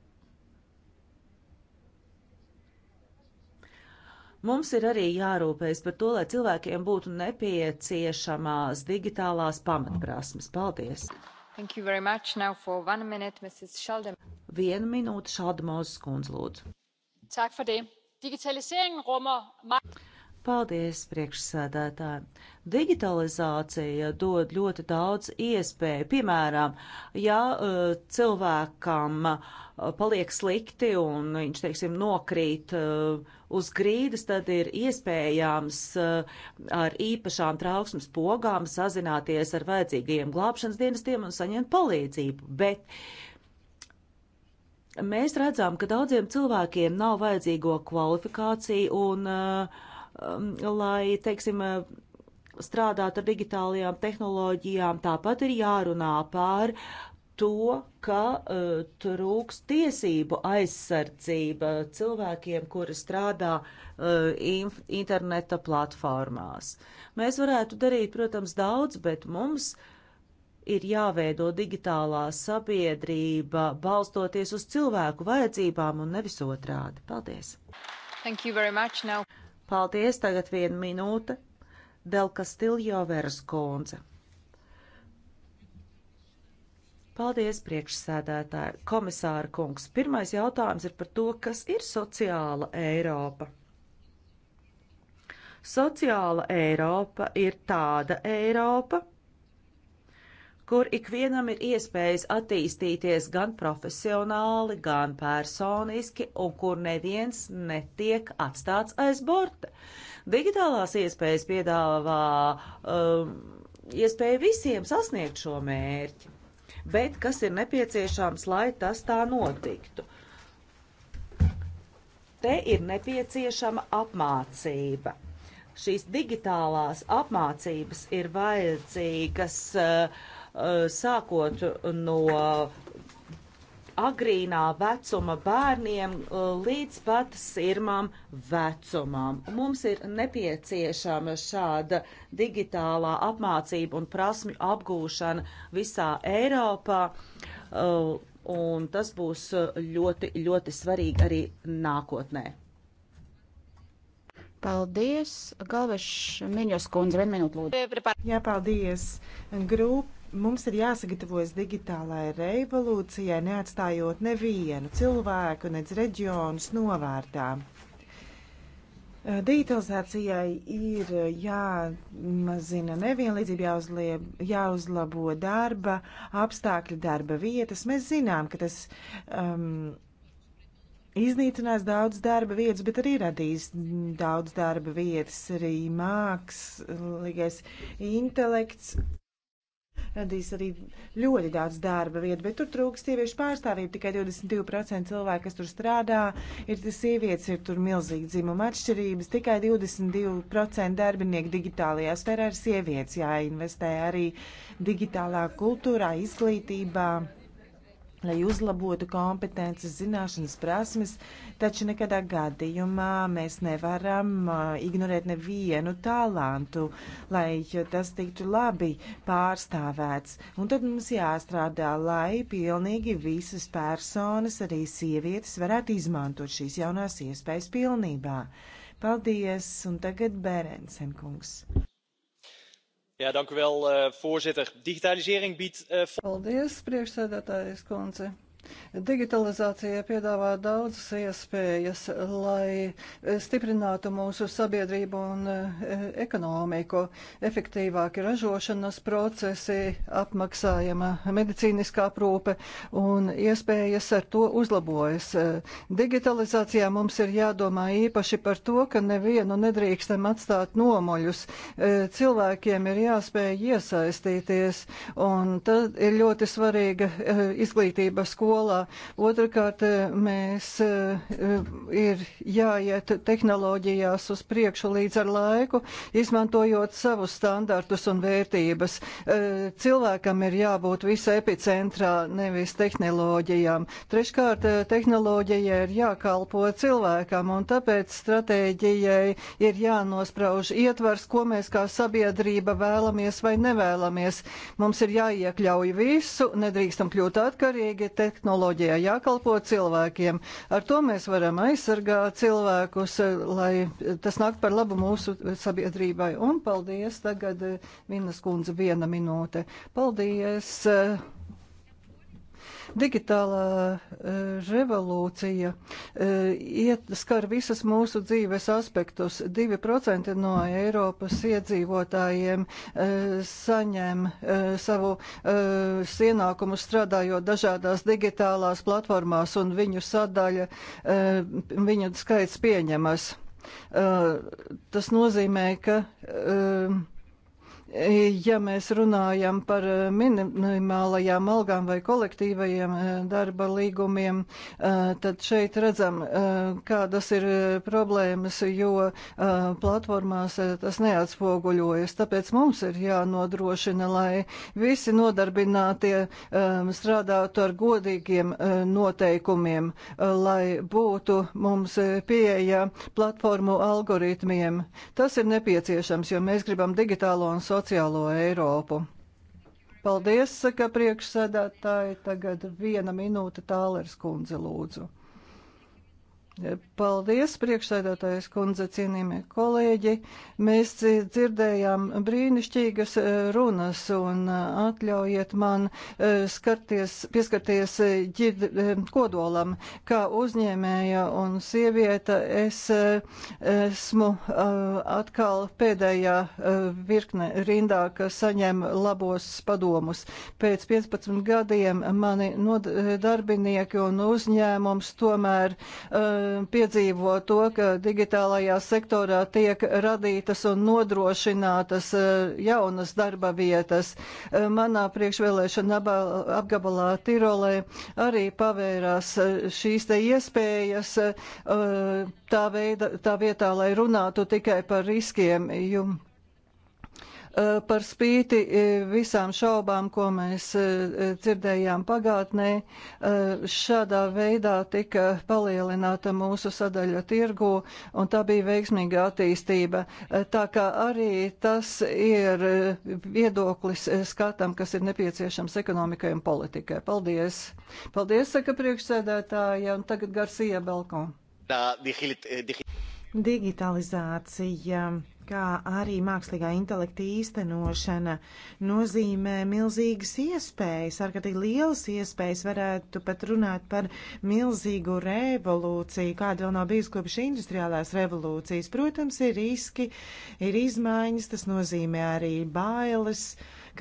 Mums ir arī jārūpējas par to, lai cilvēkiem būtu nepieciešamās digitālās pamatprasmes. Paldies! Minute, Vienu minūti Šaldemozes kundz lūdzu. Tak for det. Digitaliseringen rummer... Paldies, priekšsēdētāji! Digitalizācija dod ļoti daudz iespēju. Piemēram, ja uh, cilvēkam uh, paliek slikti un viņš, teiksim, nokrīt uh, uz grīdas, tad ir iespējams eh, ar īpašām trauksmes pogām sazināties ar vajadzīgajiem glābšanas dienestiem un saņemt palīdzību. Bet mēs redzam, ka daudziem cilvēkiem nav vajadzīgo kvalifikāciju un, eh, um, lai, teiksim, eh, strādāt ar digitālajām tehnoloģijām, tāpat ir jārunā par to, ka uh, trūks tiesību aizsardzība cilvēkiem, kuri strādā uh, inf, interneta platformās. Mēs varētu darīt, protams, daudz, bet mums ir jāveido digitālā sabiedrība balstoties uz cilvēku vajadzībām un nevis otrādi. Paldies! Thank you very much now. Paldies, tagad viena minūte. Del Castillo Veras kundze. Paldies, priekšsēdētāji. Komisāra kungs, pirmais jautājums ir par to, kas ir sociāla Eiropa. Sociāla Eiropa ir tāda Eiropa, kur ikvienam ir iespējas attīstīties gan profesionāli, gan personiski, un kur neviens netiek atstāts aiz borta. Digitālās iespējas piedāvā um, iespēju visiem sasniegt šo mērķi bet kas ir nepieciešams, lai tas tā notiktu. Te ir nepieciešama apmācība. Šīs digitālās apmācības ir vajadzīgas uh, sākot no agrīnā vecuma bērniem uh, līdz pat sirmām vecumam. Mums ir nepieciešama šāda digitālā apmācība un prasmju apgūšana visā Eiropā, uh, un tas būs uh, ļoti, ļoti svarīgi arī nākotnē. Paldies, Galveš Miņos kundze, vienu minūtu lūdzu. Jā, paldies. Grupa Mums ir jāsagatavojas digitālajai revolūcijai, neatstājot nevienu cilvēku, nedz reģionus novārtā. Digitalizācijai ir jāmazina nevienlīdzība, jāuzlieb, jāuzlabo darba apstākļi, darba vietas. Mēs zinām, ka tas um, iznīcinās daudz darba vietas, bet arī radīs daudz darba vietas, arī mākslīgais intelekts radīs arī ļoti daudz darba vietu, bet tur trūkst sieviešu pārstāvību. Tikai 22% cilvēku, kas tur strādā, ir sievietes, ir tur milzīgi dzimuma atšķirības. Tikai 22% darbinieku digitālajā sferā ir sievietes. Jāinvestē arī digitālā kultūrā, izglītībā lai uzlabotu kompetences, zināšanas, prasmes, taču nekadā gadījumā mēs nevaram ignorēt nevienu talantu, lai tas tiktu labi pārstāvēts. Un tad mums jāstrādā, lai pilnīgi visas personas, arī sievietes, varētu izmantot šīs jaunās iespējas pilnībā. Paldies, un tagad Bērensen kungs. Eh, eh, Paldies, priekšsēdētājas kundze. Digitalizācija piedāvā daudzas iespējas, lai stiprinātu mūsu sabiedrību un e, ekonomiku. Efektīvāki ražošanas procesi, apmaksājama medicīniskā aprūpe un iespējas ar to uzlabojas. Digitalizācijā mums ir jādomā īpaši par to, ka nevienu nedrīkstam atstāt nomoļus. E, cilvēkiem ir jāspēj iesaistīties, un tad ir ļoti svarīga e, izglītība skolā skolā. Otrakārt, eh, mēs eh, ir jāiet tehnoloģijās uz priekšu līdz ar laiku, izmantojot savus standartus un vērtības. Eh, cilvēkam ir jābūt visa epicentrā, nevis tehnoloģijām. Treškārt, tehnoloģija ir jākalpo cilvēkam, un tāpēc stratēģijai ir jānosprauž ietvars, ko mēs kā sabiedrība vēlamies vai nevēlamies. Mums ir jāiekļauj visu, nedrīkstam kļūt atkarīgi, te tehnoloģijai jākalpo cilvēkiem. Ar to mēs varam aizsargāt cilvēkus, lai tas nāk par labu mūsu sabiedrībai. Un paldies tagad eh, Vinas kundze viena minūte. Paldies! Eh, Digitālā e, revolūcija e, iet, skar visas mūsu dzīves aspektus. 2% no Eiropas iedzīvotājiem e, saņem savu ienākumu strādājot dažādās digitālās platformās, un viņu sadaļa, viņu skaits pieņemas. Tas nozīmē, ka Ja mēs runājam par minimālajām algām vai kolektīvajiem eh, darba līgumiem, eh, tad šeit redzam, eh, kādas ir problēmas, jo platformās tas neatspoguļojas. Tāpēc mums ir jānodrošina, lai visi nodarbinātie strādātu ar godīgiem noteikumiem, lai būtu mums pieeja platformu algoritmiem. Tas ir nepieciešams, jo mēs gribam digitālo un sociālo sociālo Eiropu. Paldies, saka priekšsēdētāji. Tagad viena minūte tālērs kundze lūdzu. Paldies, priekšsēdētājs kundze, cienījamie kolēģi. Mēs dzirdējām brīnišķīgas eh, runas un eh, atļaujiet man eh, skarties, pieskarties ģid, kodolam. Kā uzņēmēja un sievieta es esmu atkal pēdējā virkne rindā, kas saņem labos padomus. Pēc 15 gadiem mani darbinieki un uzņēmums tomēr Um, piedzīvo to, ka digitālajā sektorā tiek radītas un nodrošinātas uh, jaunas darba vietas. Uh, manā priekšvēlēšana apgabalā Tirolē arī pavērās uh, šīs te iespējas tā, veida, tā vietā, lai runātu tikai par riskiem. Jum, Eh, par spīti eh, visām šaubām, ko mēs eh, dzirdējām pagātnē, šādā veidā tika palielināta mūsu sadaļa tirgu, un tā bija veiksmīga attīstība. Tā kā arī tas ir viedoklis skatam, kas ir nepieciešams ekonomikai un politikai. Paldies! Paldies, saka priekšsēdētāja, un tagad Garcija Belko. Digitalizācija kā arī mākslīgā intelekta īstenošana nozīmē milzīgas iespējas, ārkārtīgi lielas iespējas, varētu pat runāt par milzīgu revolūciju, kāda vēl nav bijusi kopš industriālās revolūcijas. Protams, ir riski, ir izmaiņas, tas nozīmē arī bailes,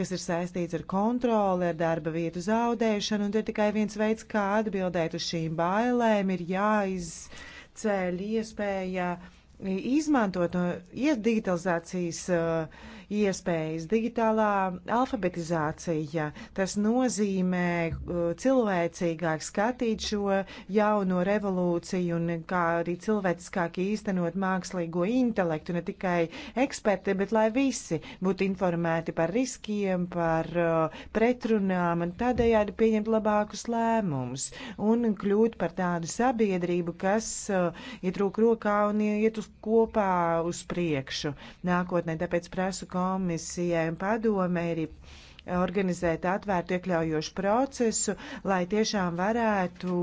kas ir saistīts ar kontroli, ar darba vietu zaudēšanu, un ir tikai viens veids, kā atbildēt uz šīm bailēm, ir jāizceļ iespēja. Ja izmantot no digitalizācijas uh, iespējas. Digitālā alfabetizācija, tas nozīmē uh, cilvēcīgāk skatīt šo jauno revolūciju un kā arī cilvēciskāk īstenot mākslīgo intelektu, ne tikai eksperti, bet lai visi būtu informēti par riskiem, par uh, pretrunām un tādējādi pieņemt labākus lēmumus un kļūt par tādu sabiedrību, kas uh, iet rūk rokā un iet uz kopā uz priekšu nākotnē. Tāpēc prasu komisijai un padomē arī eh, organizēt atvērtu iekļaujošu procesu, lai tiešām varētu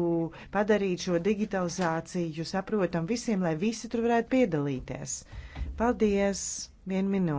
padarīt šo digitalizāciju saprotam visiem, lai visi tur varētu piedalīties. Paldies! Vienu minūti!